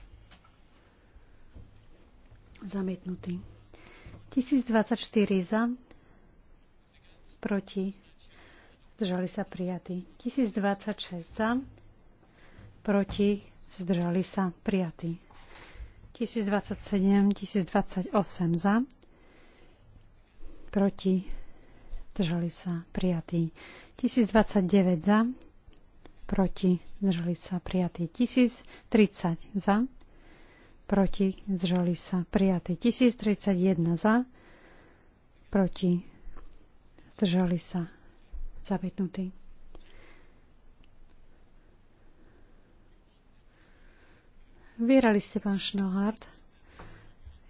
D: Zamietnutý. 1024 za, proti, zdržali sa prijatí. 1026 za, proti, zdržali sa prijatí. 1027, 1028 za, proti, zdržali sa prijatí. 1029 za, proti, zdržali sa prijatí. 1030 za, proti, zdržali sa prijatí. 1031 za, proti, zdržali sa Zamietnutý. Vyrali ste, pán Šnohard.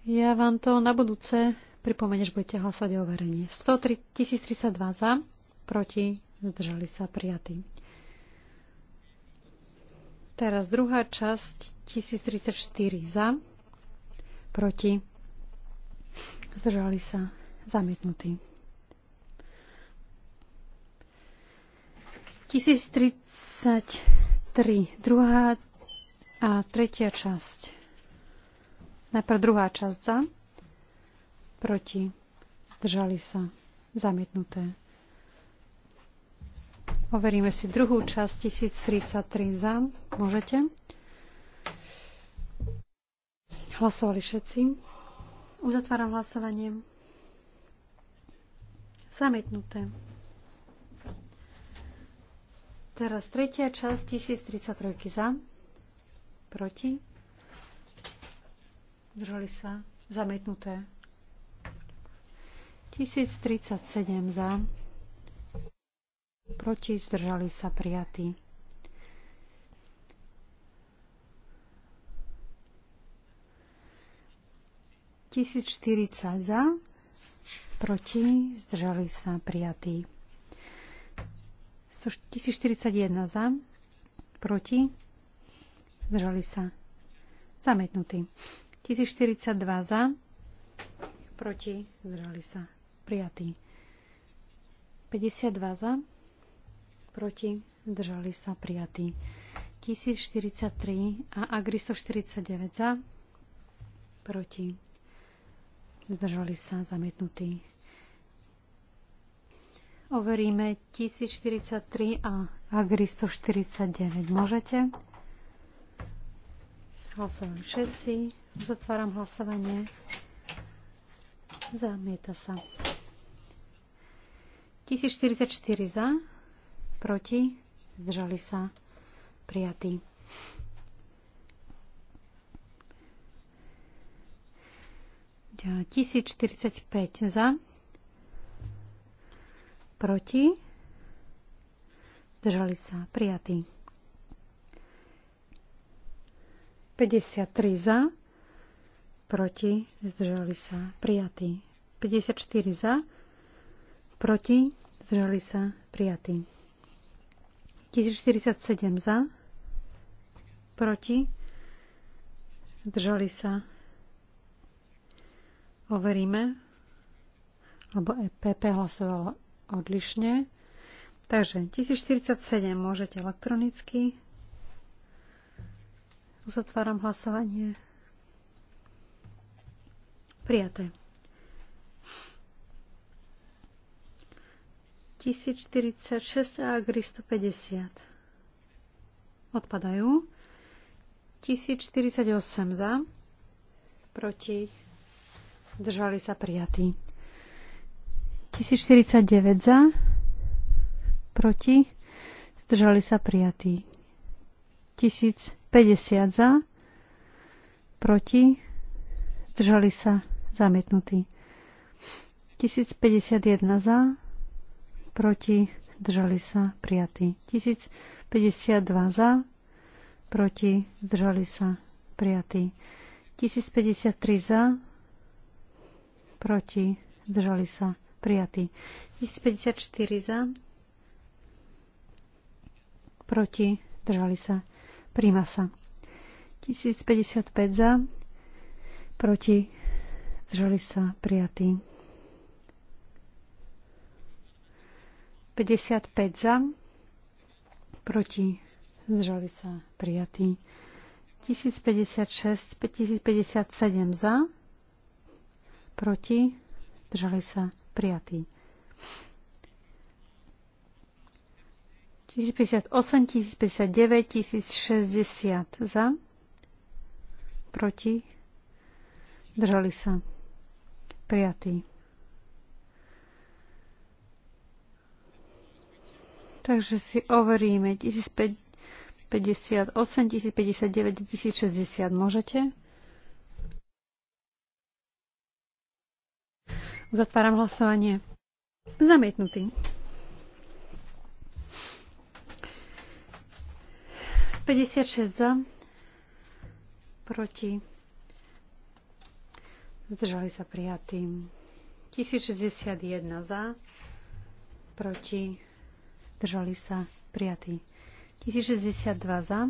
D: Ja vám to na budúce že budete hlasať o overenie. 1032 za, proti, zdržali sa prijatí. Teraz druhá časť 1034 za, proti, zdržali sa zamietnutí. 1033. Druhá a tretia časť. Najprv druhá časť za. Proti. Zdržali sa. Zamietnuté. Overíme si druhú časť 1033 za. Môžete. Hlasovali všetci. Uzatváram hlasovanie. Zamietnuté. Teraz tretia časť 1033 za, proti, zdržali sa, zametnuté 1037 za, proti, zdržali sa, prijatí. Tisíc za, proti, zdržali sa, prijatí. 1041 za, proti, zdržali sa, zamietnutý. 1042 za, proti, zdržali sa, prijatý. 52 za, proti, zdržali sa, prijatý. 1043 a Agri 149 za, proti, zdržali sa, zamietnutí. Overíme 1043 a Agri 149. Môžete? Hlasujem všetci. Zatváram hlasovanie. Zamieta sa. 1044 za, proti, zdržali sa, prijatí. Ja, 1045 za, proti, zdržali sa prijatí. 53 za, proti, zdržali sa prijatí. 54 za, proti, zdržali sa prijatí. 1047 za, proti, zdržali sa. Overíme, lebo EPP hlasovalo odlišne. Takže 1047 môžete elektronicky. Uzatváram hlasovanie. Prijaté. 1046 a 350. Odpadajú. 1048 za. Proti. Držali sa prijatí. 1049 za, proti, zdržali sa prijatí. 1050 za, proti, zdržali sa zamietnutí. 1051 za, proti, zdržali sa prijatí. 1052 za, proti, zdržali sa prijatí. 1053 za, proti, zdržali sa prijatí prijatý. 1054 za, proti, držali sa, príma sa. 1055 za, proti, Držali sa, prijatý. 55 za, proti, zdržali sa, prijatí. 1056, 1057 za, proti, zdržali sa, prijatý. 58, 59, 1060 za, proti, držali sa, prijatý. Takže si overíme 1058, 1059, 1060. Môžete? Zatváram hlasovanie. Zamietnutý. 56 za, proti, zdržali sa prijatým. 1061 za, proti, zdržali sa prijatí. 1062 za,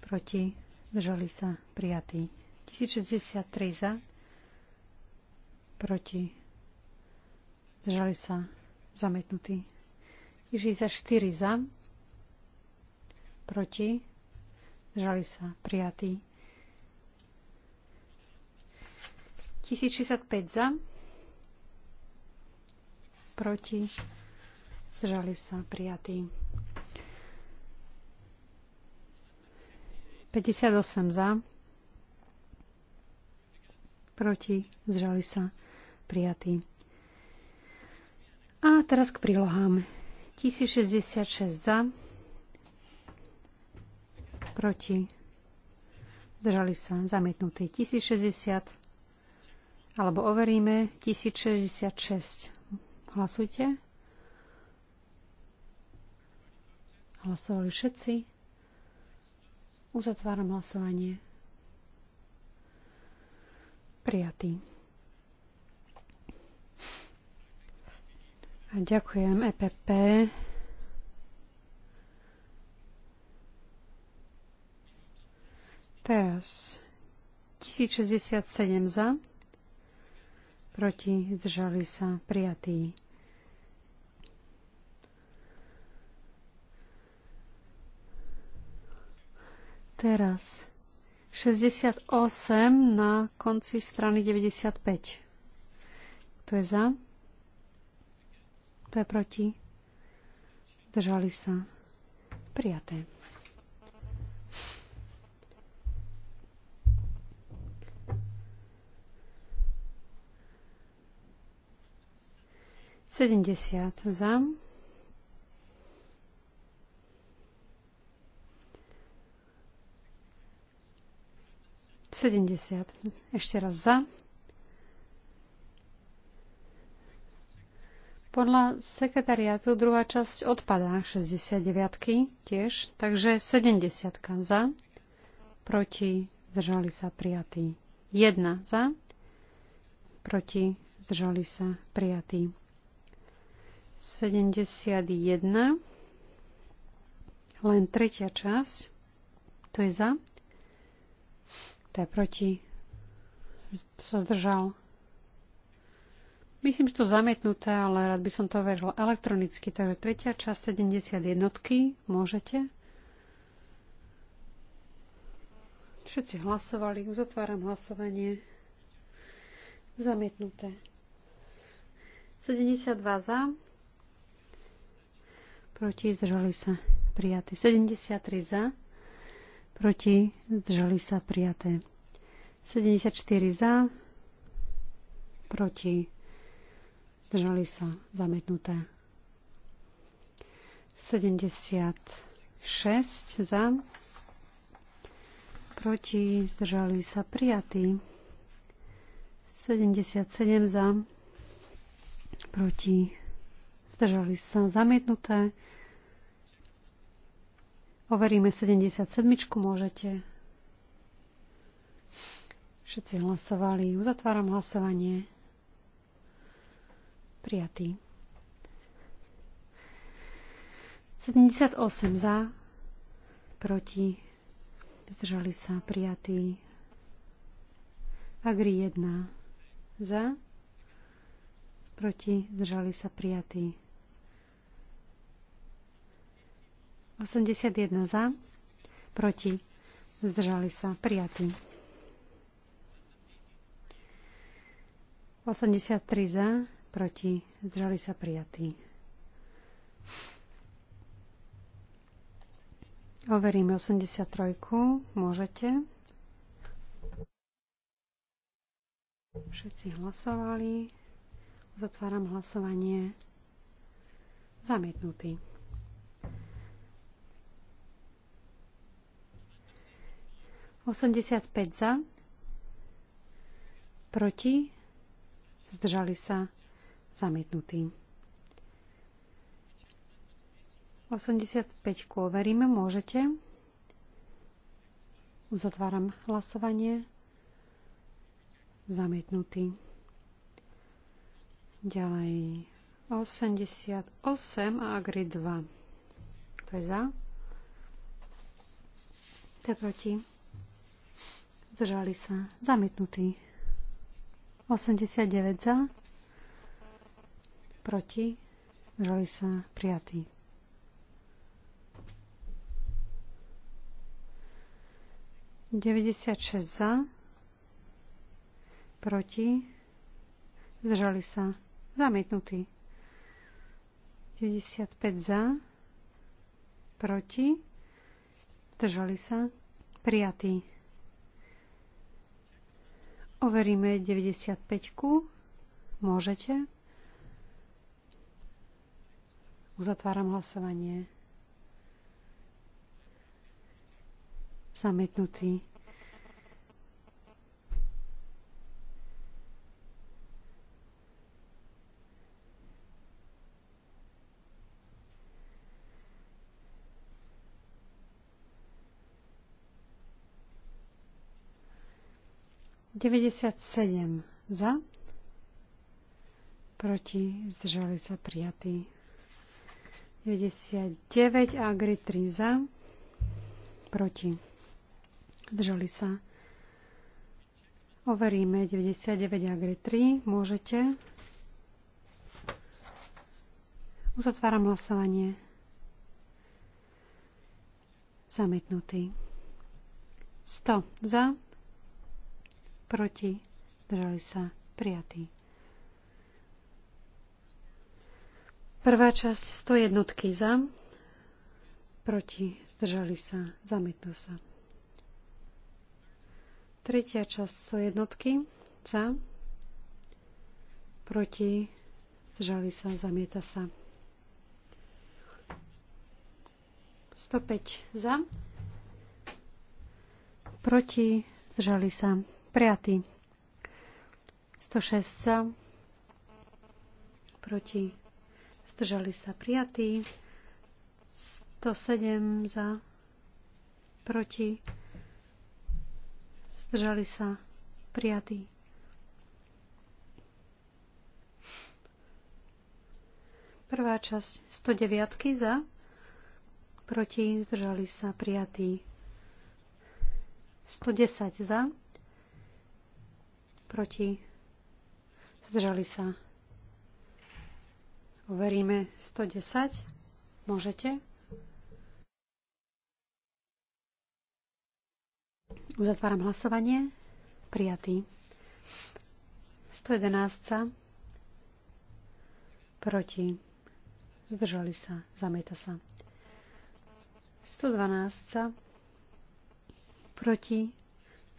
D: proti, zdržali sa prijatý. 1063 za, proti, zdržali sa, zamietnutí. 64 za, proti, zdržali sa, prijatí. 1065 za, proti, zdržali sa, prijatí. 58 za, proti, zdržali sa, prijatý. A teraz k prílohám. 1066 za, proti, zdržali sa, zamietnutý 1060, alebo overíme 1066. Hlasujte. Hlasovali všetci. Uzatváram hlasovanie. Prijatý. Ďakujem EPP. Teraz 1067 za, proti zdržali sa prijatí. Teraz 68 na konci strany 95. Kto je za? To je proti. Držali sa. Prijaté. Sedemdesiat za. Sedemdesiat. Ešte raz za. Podľa sekretariátu druhá časť odpadá 69 tiež, takže 70 za, proti zdržali sa prijatí 1 za, proti zdržali sa prijatí 71, len tretia časť, to je za, to je proti, sa zdržal Myslím, že to zamietnuté, ale rád by som to veril elektronicky. Takže tretia časť 71. Môžete. Všetci hlasovali. Uzatváram hlasovanie. Zamietnuté. 72 za. Proti zdržali sa prijaté. 73 za. Proti zdržali sa prijaté. 74 za. Proti držali sa zamietnuté. 76 za. Proti zdržali sa prijatí. 77 za. Proti zdržali sa zamietnuté. Overíme 77, môžete. Všetci hlasovali. Uzatváram hlasovanie. Prijatý. 78 za, proti, zdržali sa, prijatý. Agri 1 za, proti, zdržali sa, prijatý. 81 za, proti, zdržali sa, prijatý. 83 za, proti, zdržali sa prijatí. Overím 83. Môžete. Všetci hlasovali. Zatváram hlasovanie. Zamietnutý. Osemdesiat päť za. Proti. Zdržali sa Zamietnutý. 85 overíme, môžete. Uzatváram hlasovanie. Zamietnutý. Ďalej 88 a Agri 2. To je za. To je proti. Zdržali sa. Zamietnutý. 89 za proti, zdržali sa prijatí. Deväťdesiat šesť za, proti, zdržali sa zamietnutí. 95 za, proti, zdržali sa, prijatí. Overíme 95. Môžete. Uzatváram hlasovanie. Zamietnutý. Deväťdesiat sedem za, proti, zdržali sa prijatý. 99 a Agri 3 za. Proti. Držali sa. Overíme 99 Agri 3. Môžete. Uzatváram hlasovanie. Zametnutý. 100 za. Proti. Držali sa. Prijatý. Prvá časť 101 za, proti, zdržali sa, zamietnú sa. Tretia časť 101 za, proti, zdržali sa, zamieta sa. 105 za, proti, zdržali sa, prijatý. 106 za, proti, zdržali sa prijatí, 107 za, proti, zdržali sa prijatí. Prvá časť 109 za, proti, zdržali sa prijatí. 110 za, proti, zdržali sa Overíme 110. Môžete? Uzatváram hlasovanie. Prijatý. 111. Proti. Zdržali sa. Zamieta sa. 112. Proti.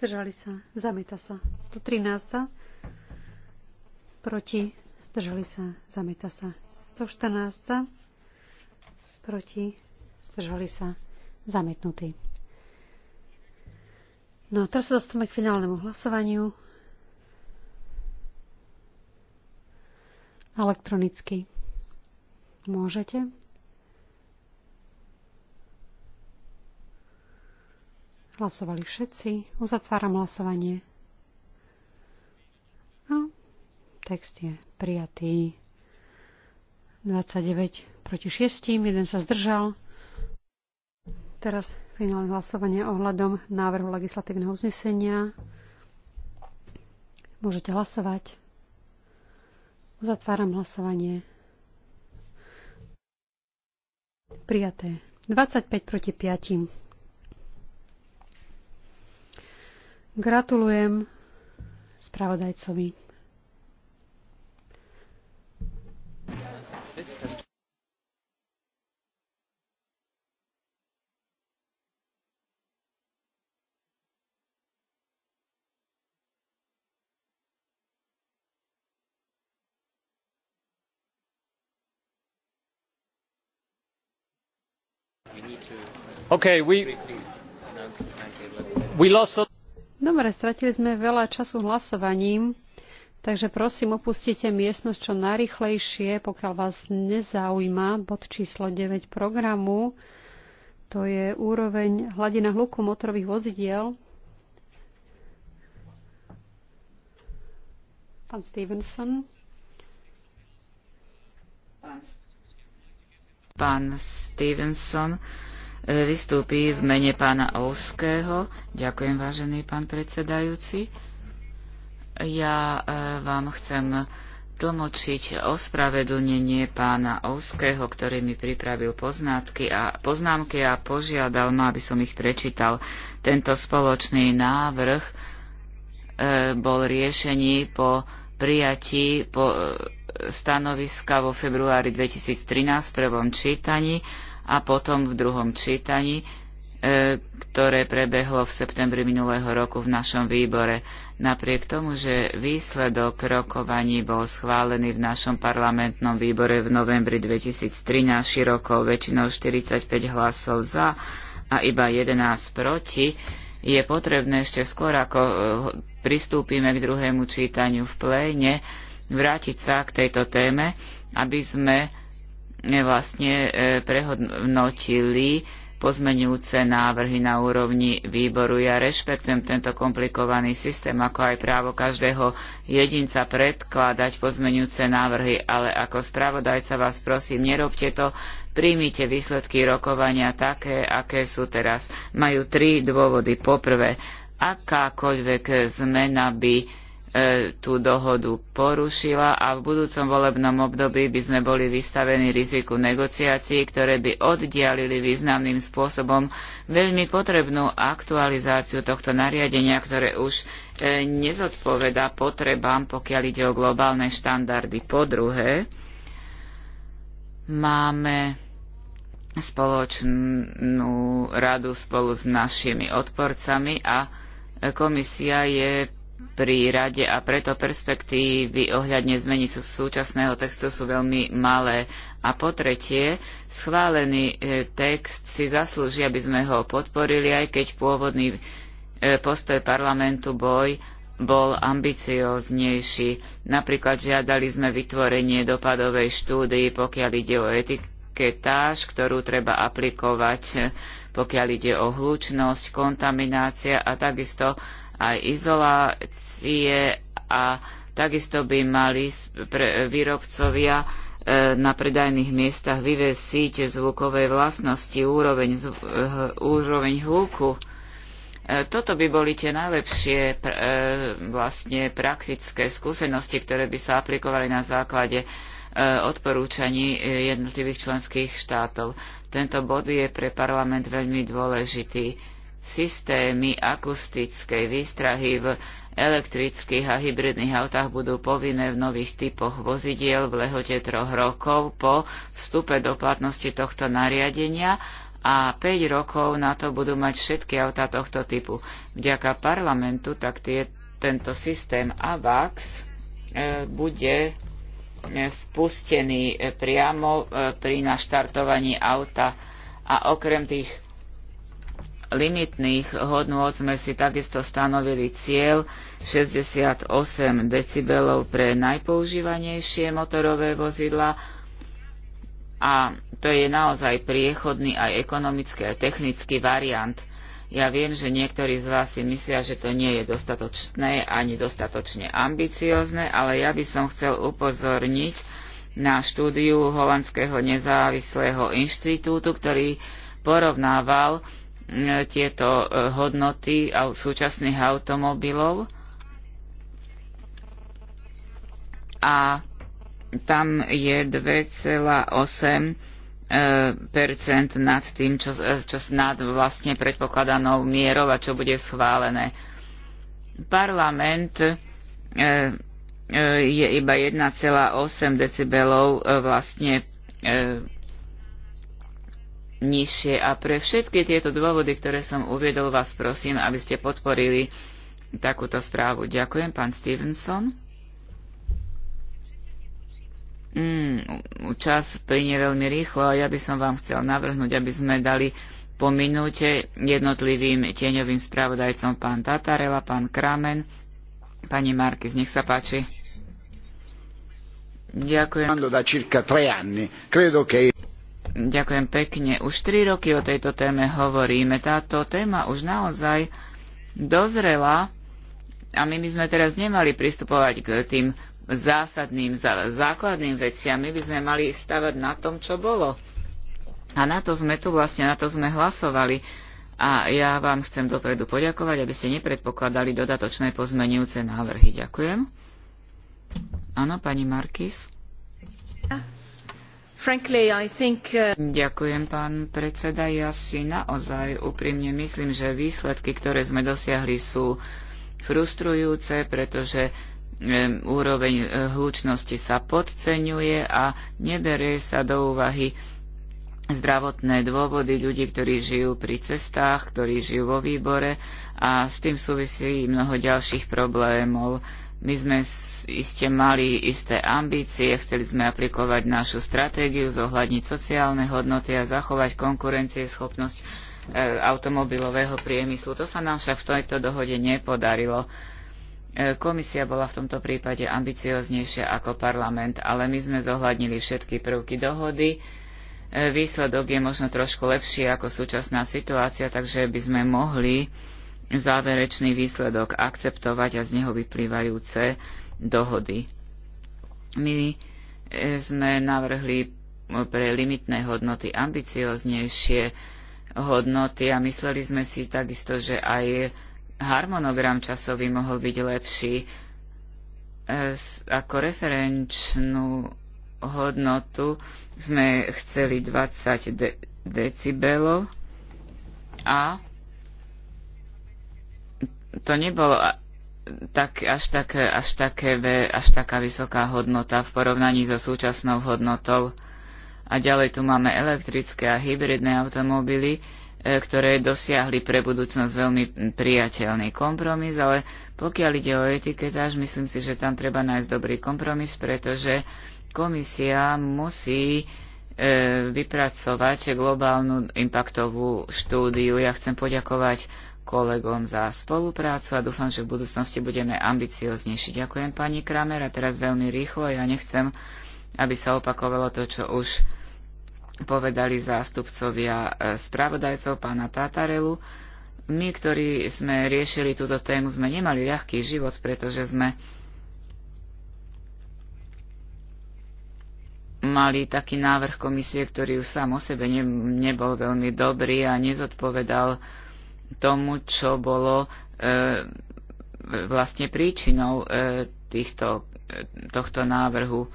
D: Zdržali sa. Zamieta sa. 113. Proti zdržali sa, zamieta sa. 114 proti, zdržali sa, zametnutí. No a teraz sa dostávame k finálnemu hlasovaniu. Elektronicky. Môžete. Hlasovali všetci. Uzatváram hlasovanie. No, text je prijatý. 29 proti 6, jeden sa zdržal. Teraz finálne hlasovanie ohľadom návrhu legislatívneho uznesenia. Môžete hlasovať. Uzatváram hlasovanie. Prijaté. 25 proti 5. Gratulujem spravodajcovi. Dobre, stratili sme veľa času hlasovaním, takže prosím opustite miestnosť čo najrychlejšie, pokiaľ vás nezaujíma bod číslo 9 programu. To je úroveň hladina hluku motorových vozidiel. Pán Stevenson.
C: Pán Stevenson vystúpi v mene pána Ouského. Ďakujem, vážený pán predsedajúci. Ja e, vám chcem tlmočiť ospravedlnenie pána Ouského, ktorý mi pripravil poznámky a, poznámky a požiadal ma, aby som ich prečítal. Tento spoločný návrh e, bol riešený po prijatí po, e, stanoviska vo februári 2013 v prvom čítaní a potom v druhom čítaní, e, ktoré prebehlo v septembri minulého roku v našom výbore. Napriek tomu, že výsledok rokovaní bol schválený v našom parlamentnom výbore v novembri 2013 širokou väčšinou 45 hlasov za a iba 11 proti, je potrebné ešte skôr, ako e, pristúpime k druhému čítaniu v pléne, vrátiť sa k tejto téme, aby sme E, vlastne e, prehodnotili pozmenujúce návrhy na úrovni výboru. Ja rešpektujem tento komplikovaný systém, ako aj právo každého jedinca predkladať pozmenujúce návrhy, ale ako spravodajca vás prosím, nerobte to, príjmite výsledky rokovania také, aké sú teraz. Majú tri dôvody. Poprvé, akákoľvek zmena by E, tú dohodu porušila a v budúcom volebnom období by sme boli vystavení riziku negociácií, ktoré by oddialili významným spôsobom veľmi potrebnú aktualizáciu tohto nariadenia, ktoré už e, nezodpoveda potrebám, pokiaľ ide o globálne štandardy. Po druhé, máme spoločnú radu spolu s našimi odporcami a e, komisia je pri rade a preto perspektívy ohľadne zmeny súčasného textu sú veľmi malé. A po tretie, schválený e, text si zaslúži, aby sme ho podporili, aj keď pôvodný e, postoj parlamentu boj bol ambicioznejší. Napríklad žiadali sme vytvorenie dopadovej štúdii, pokiaľ ide o etiketáž, ktorú treba aplikovať, pokiaľ ide o hlučnosť, kontaminácia a takisto aj izolácie a takisto by mali výrobcovia e, na predajných miestach vyvesiť zvukové zvukovej vlastnosti, úroveň, úroveň hluku. E, toto by boli tie najlepšie e, vlastne praktické skúsenosti, ktoré by sa aplikovali na základe odporúčaní jednotlivých členských štátov. Tento bod je pre parlament veľmi dôležitý systémy akustickej výstrahy v elektrických a hybridných autách budú povinné v nových typoch vozidiel v lehote troch rokov po vstupe do platnosti tohto nariadenia a 5 rokov na to budú mať všetky autá tohto typu. Vďaka parlamentu tak tie, tento systém AVAX e, bude e, spustený e, priamo e, pri naštartovaní auta a okrem tých limitných hodnôt sme si takisto stanovili cieľ 68 decibelov pre najpoužívanejšie motorové vozidla a to je naozaj priechodný aj ekonomický a technický variant. Ja viem, že niektorí z vás si myslia, že to nie je dostatočné ani dostatočne ambiciozne, ale ja by som chcel upozorniť na štúdiu Holandského nezávislého inštitútu, ktorý porovnával tieto e, hodnoty súčasných automobilov a tam je 2,8 e, nad tým, čo, e, čo nad vlastne predpokladanou mierou a čo bude schválené. Parlament je iba 1,8 decibelov vlastne nižšie. A pre všetky tieto dôvody, ktoré som uviedol, vás prosím, aby ste podporili takúto správu. Ďakujem, pán Stevenson. Mm, čas plyne veľmi rýchlo a ja by som vám chcel navrhnúť, aby sme dali po minúte jednotlivým tieňovým spravodajcom pán Tatarela, pán Kramen, pani Markis, nech sa páči. Ďakujem. Ďakujem pekne. Už tri roky o tejto téme hovoríme. Táto téma už naozaj dozrela a my by sme teraz nemali pristupovať k tým zásadným, základným veciam. My by sme mali stavať na tom, čo bolo. A na to sme tu vlastne, na to sme hlasovali. A ja vám chcem dopredu poďakovať, aby ste nepredpokladali dodatočné pozmenujúce návrhy. Ďakujem. Áno, pani Markis. Uh, Ďakujem, pán predseda. Ja si naozaj úprimne myslím, že výsledky, ktoré sme dosiahli, sú frustrujúce, pretože úroveň eh, hlučnosti sa podceňuje a neberie sa do úvahy zdravotné dôvody ľudí, ktorí žijú pri cestách, ktorí žijú vo výbore a s tým súvisí mnoho ďalších problémov. My sme iste mali isté ambície, chceli sme aplikovať našu stratégiu, zohľadniť sociálne hodnoty a zachovať konkurencieschopnosť e, automobilového priemyslu. To sa nám však v tejto dohode nepodarilo. E, komisia bola v tomto prípade ambicioznejšia ako parlament, ale my sme zohľadnili všetky prvky dohody. E, výsledok je možno trošku lepší ako súčasná situácia, takže by sme mohli záverečný výsledok akceptovať a z neho vyplývajúce dohody. My e, sme navrhli pre limitné hodnoty ambicioznejšie hodnoty a mysleli sme si takisto, že aj harmonogram časový mohol byť lepší. E, ako referenčnú hodnotu sme chceli 20 de- decibelov a to nebolo tak, až, tak, až, také, až taká vysoká hodnota v porovnaní so súčasnou hodnotou. A ďalej tu máme elektrické a hybridné automobily, e, ktoré dosiahli pre budúcnosť veľmi priateľný kompromis, ale pokiaľ ide o etiketáž, myslím si, že tam treba nájsť dobrý kompromis, pretože komisia musí e, vypracovať globálnu impaktovú štúdiu. Ja chcem poďakovať kolegom za spoluprácu a dúfam, že v budúcnosti budeme ambicioznejší. Ďakujem pani Kramer a teraz veľmi rýchlo. Ja nechcem, aby sa opakovalo to, čo už povedali zástupcovia e, spravodajcov pána Tatarelu. My, ktorí sme riešili túto tému, sme nemali ľahký život, pretože sme mali taký návrh komisie, ktorý už sám o sebe ne, nebol veľmi dobrý a nezodpovedal tomu, čo bolo e, vlastne príčinou e, týchto, e, tohto návrhu.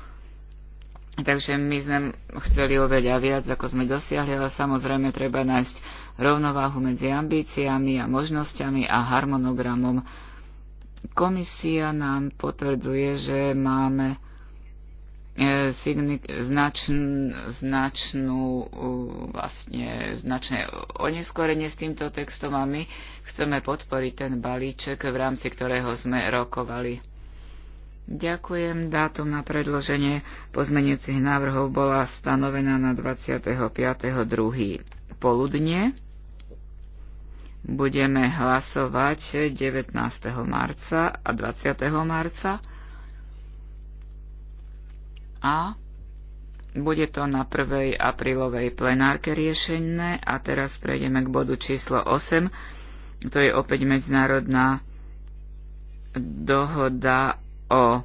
C: Takže my sme chceli oveľa viac, ako sme dosiahli, ale samozrejme treba nájsť rovnováhu medzi ambíciami a možnosťami a harmonogramom. Komisia nám potvrdzuje, že máme E, značn, značnú, vlastne značné oneskorenie s týmto textom a my chceme podporiť ten balíček, v rámci ktorého sme rokovali. Ďakujem. Dátum na predloženie pozmenujúcich návrhov bola stanovená na 25.2. poludne. Budeme hlasovať 19. marca a 20. marca a bude to na 1. aprílovej plenárke riešené a teraz prejdeme k bodu číslo 8, to je opäť medzinárodná dohoda o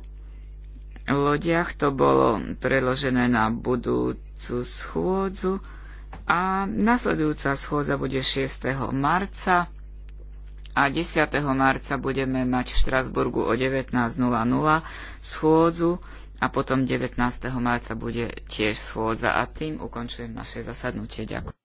C: lodiach, to bolo preložené na budúcu schôdzu a nasledujúca schôdza bude 6. marca a 10. marca budeme mať v Štrasburgu o 19.00 schôdzu a potom 19. marca bude tiež schôdza a tým ukončujem naše zasadnutie. Ďakujem.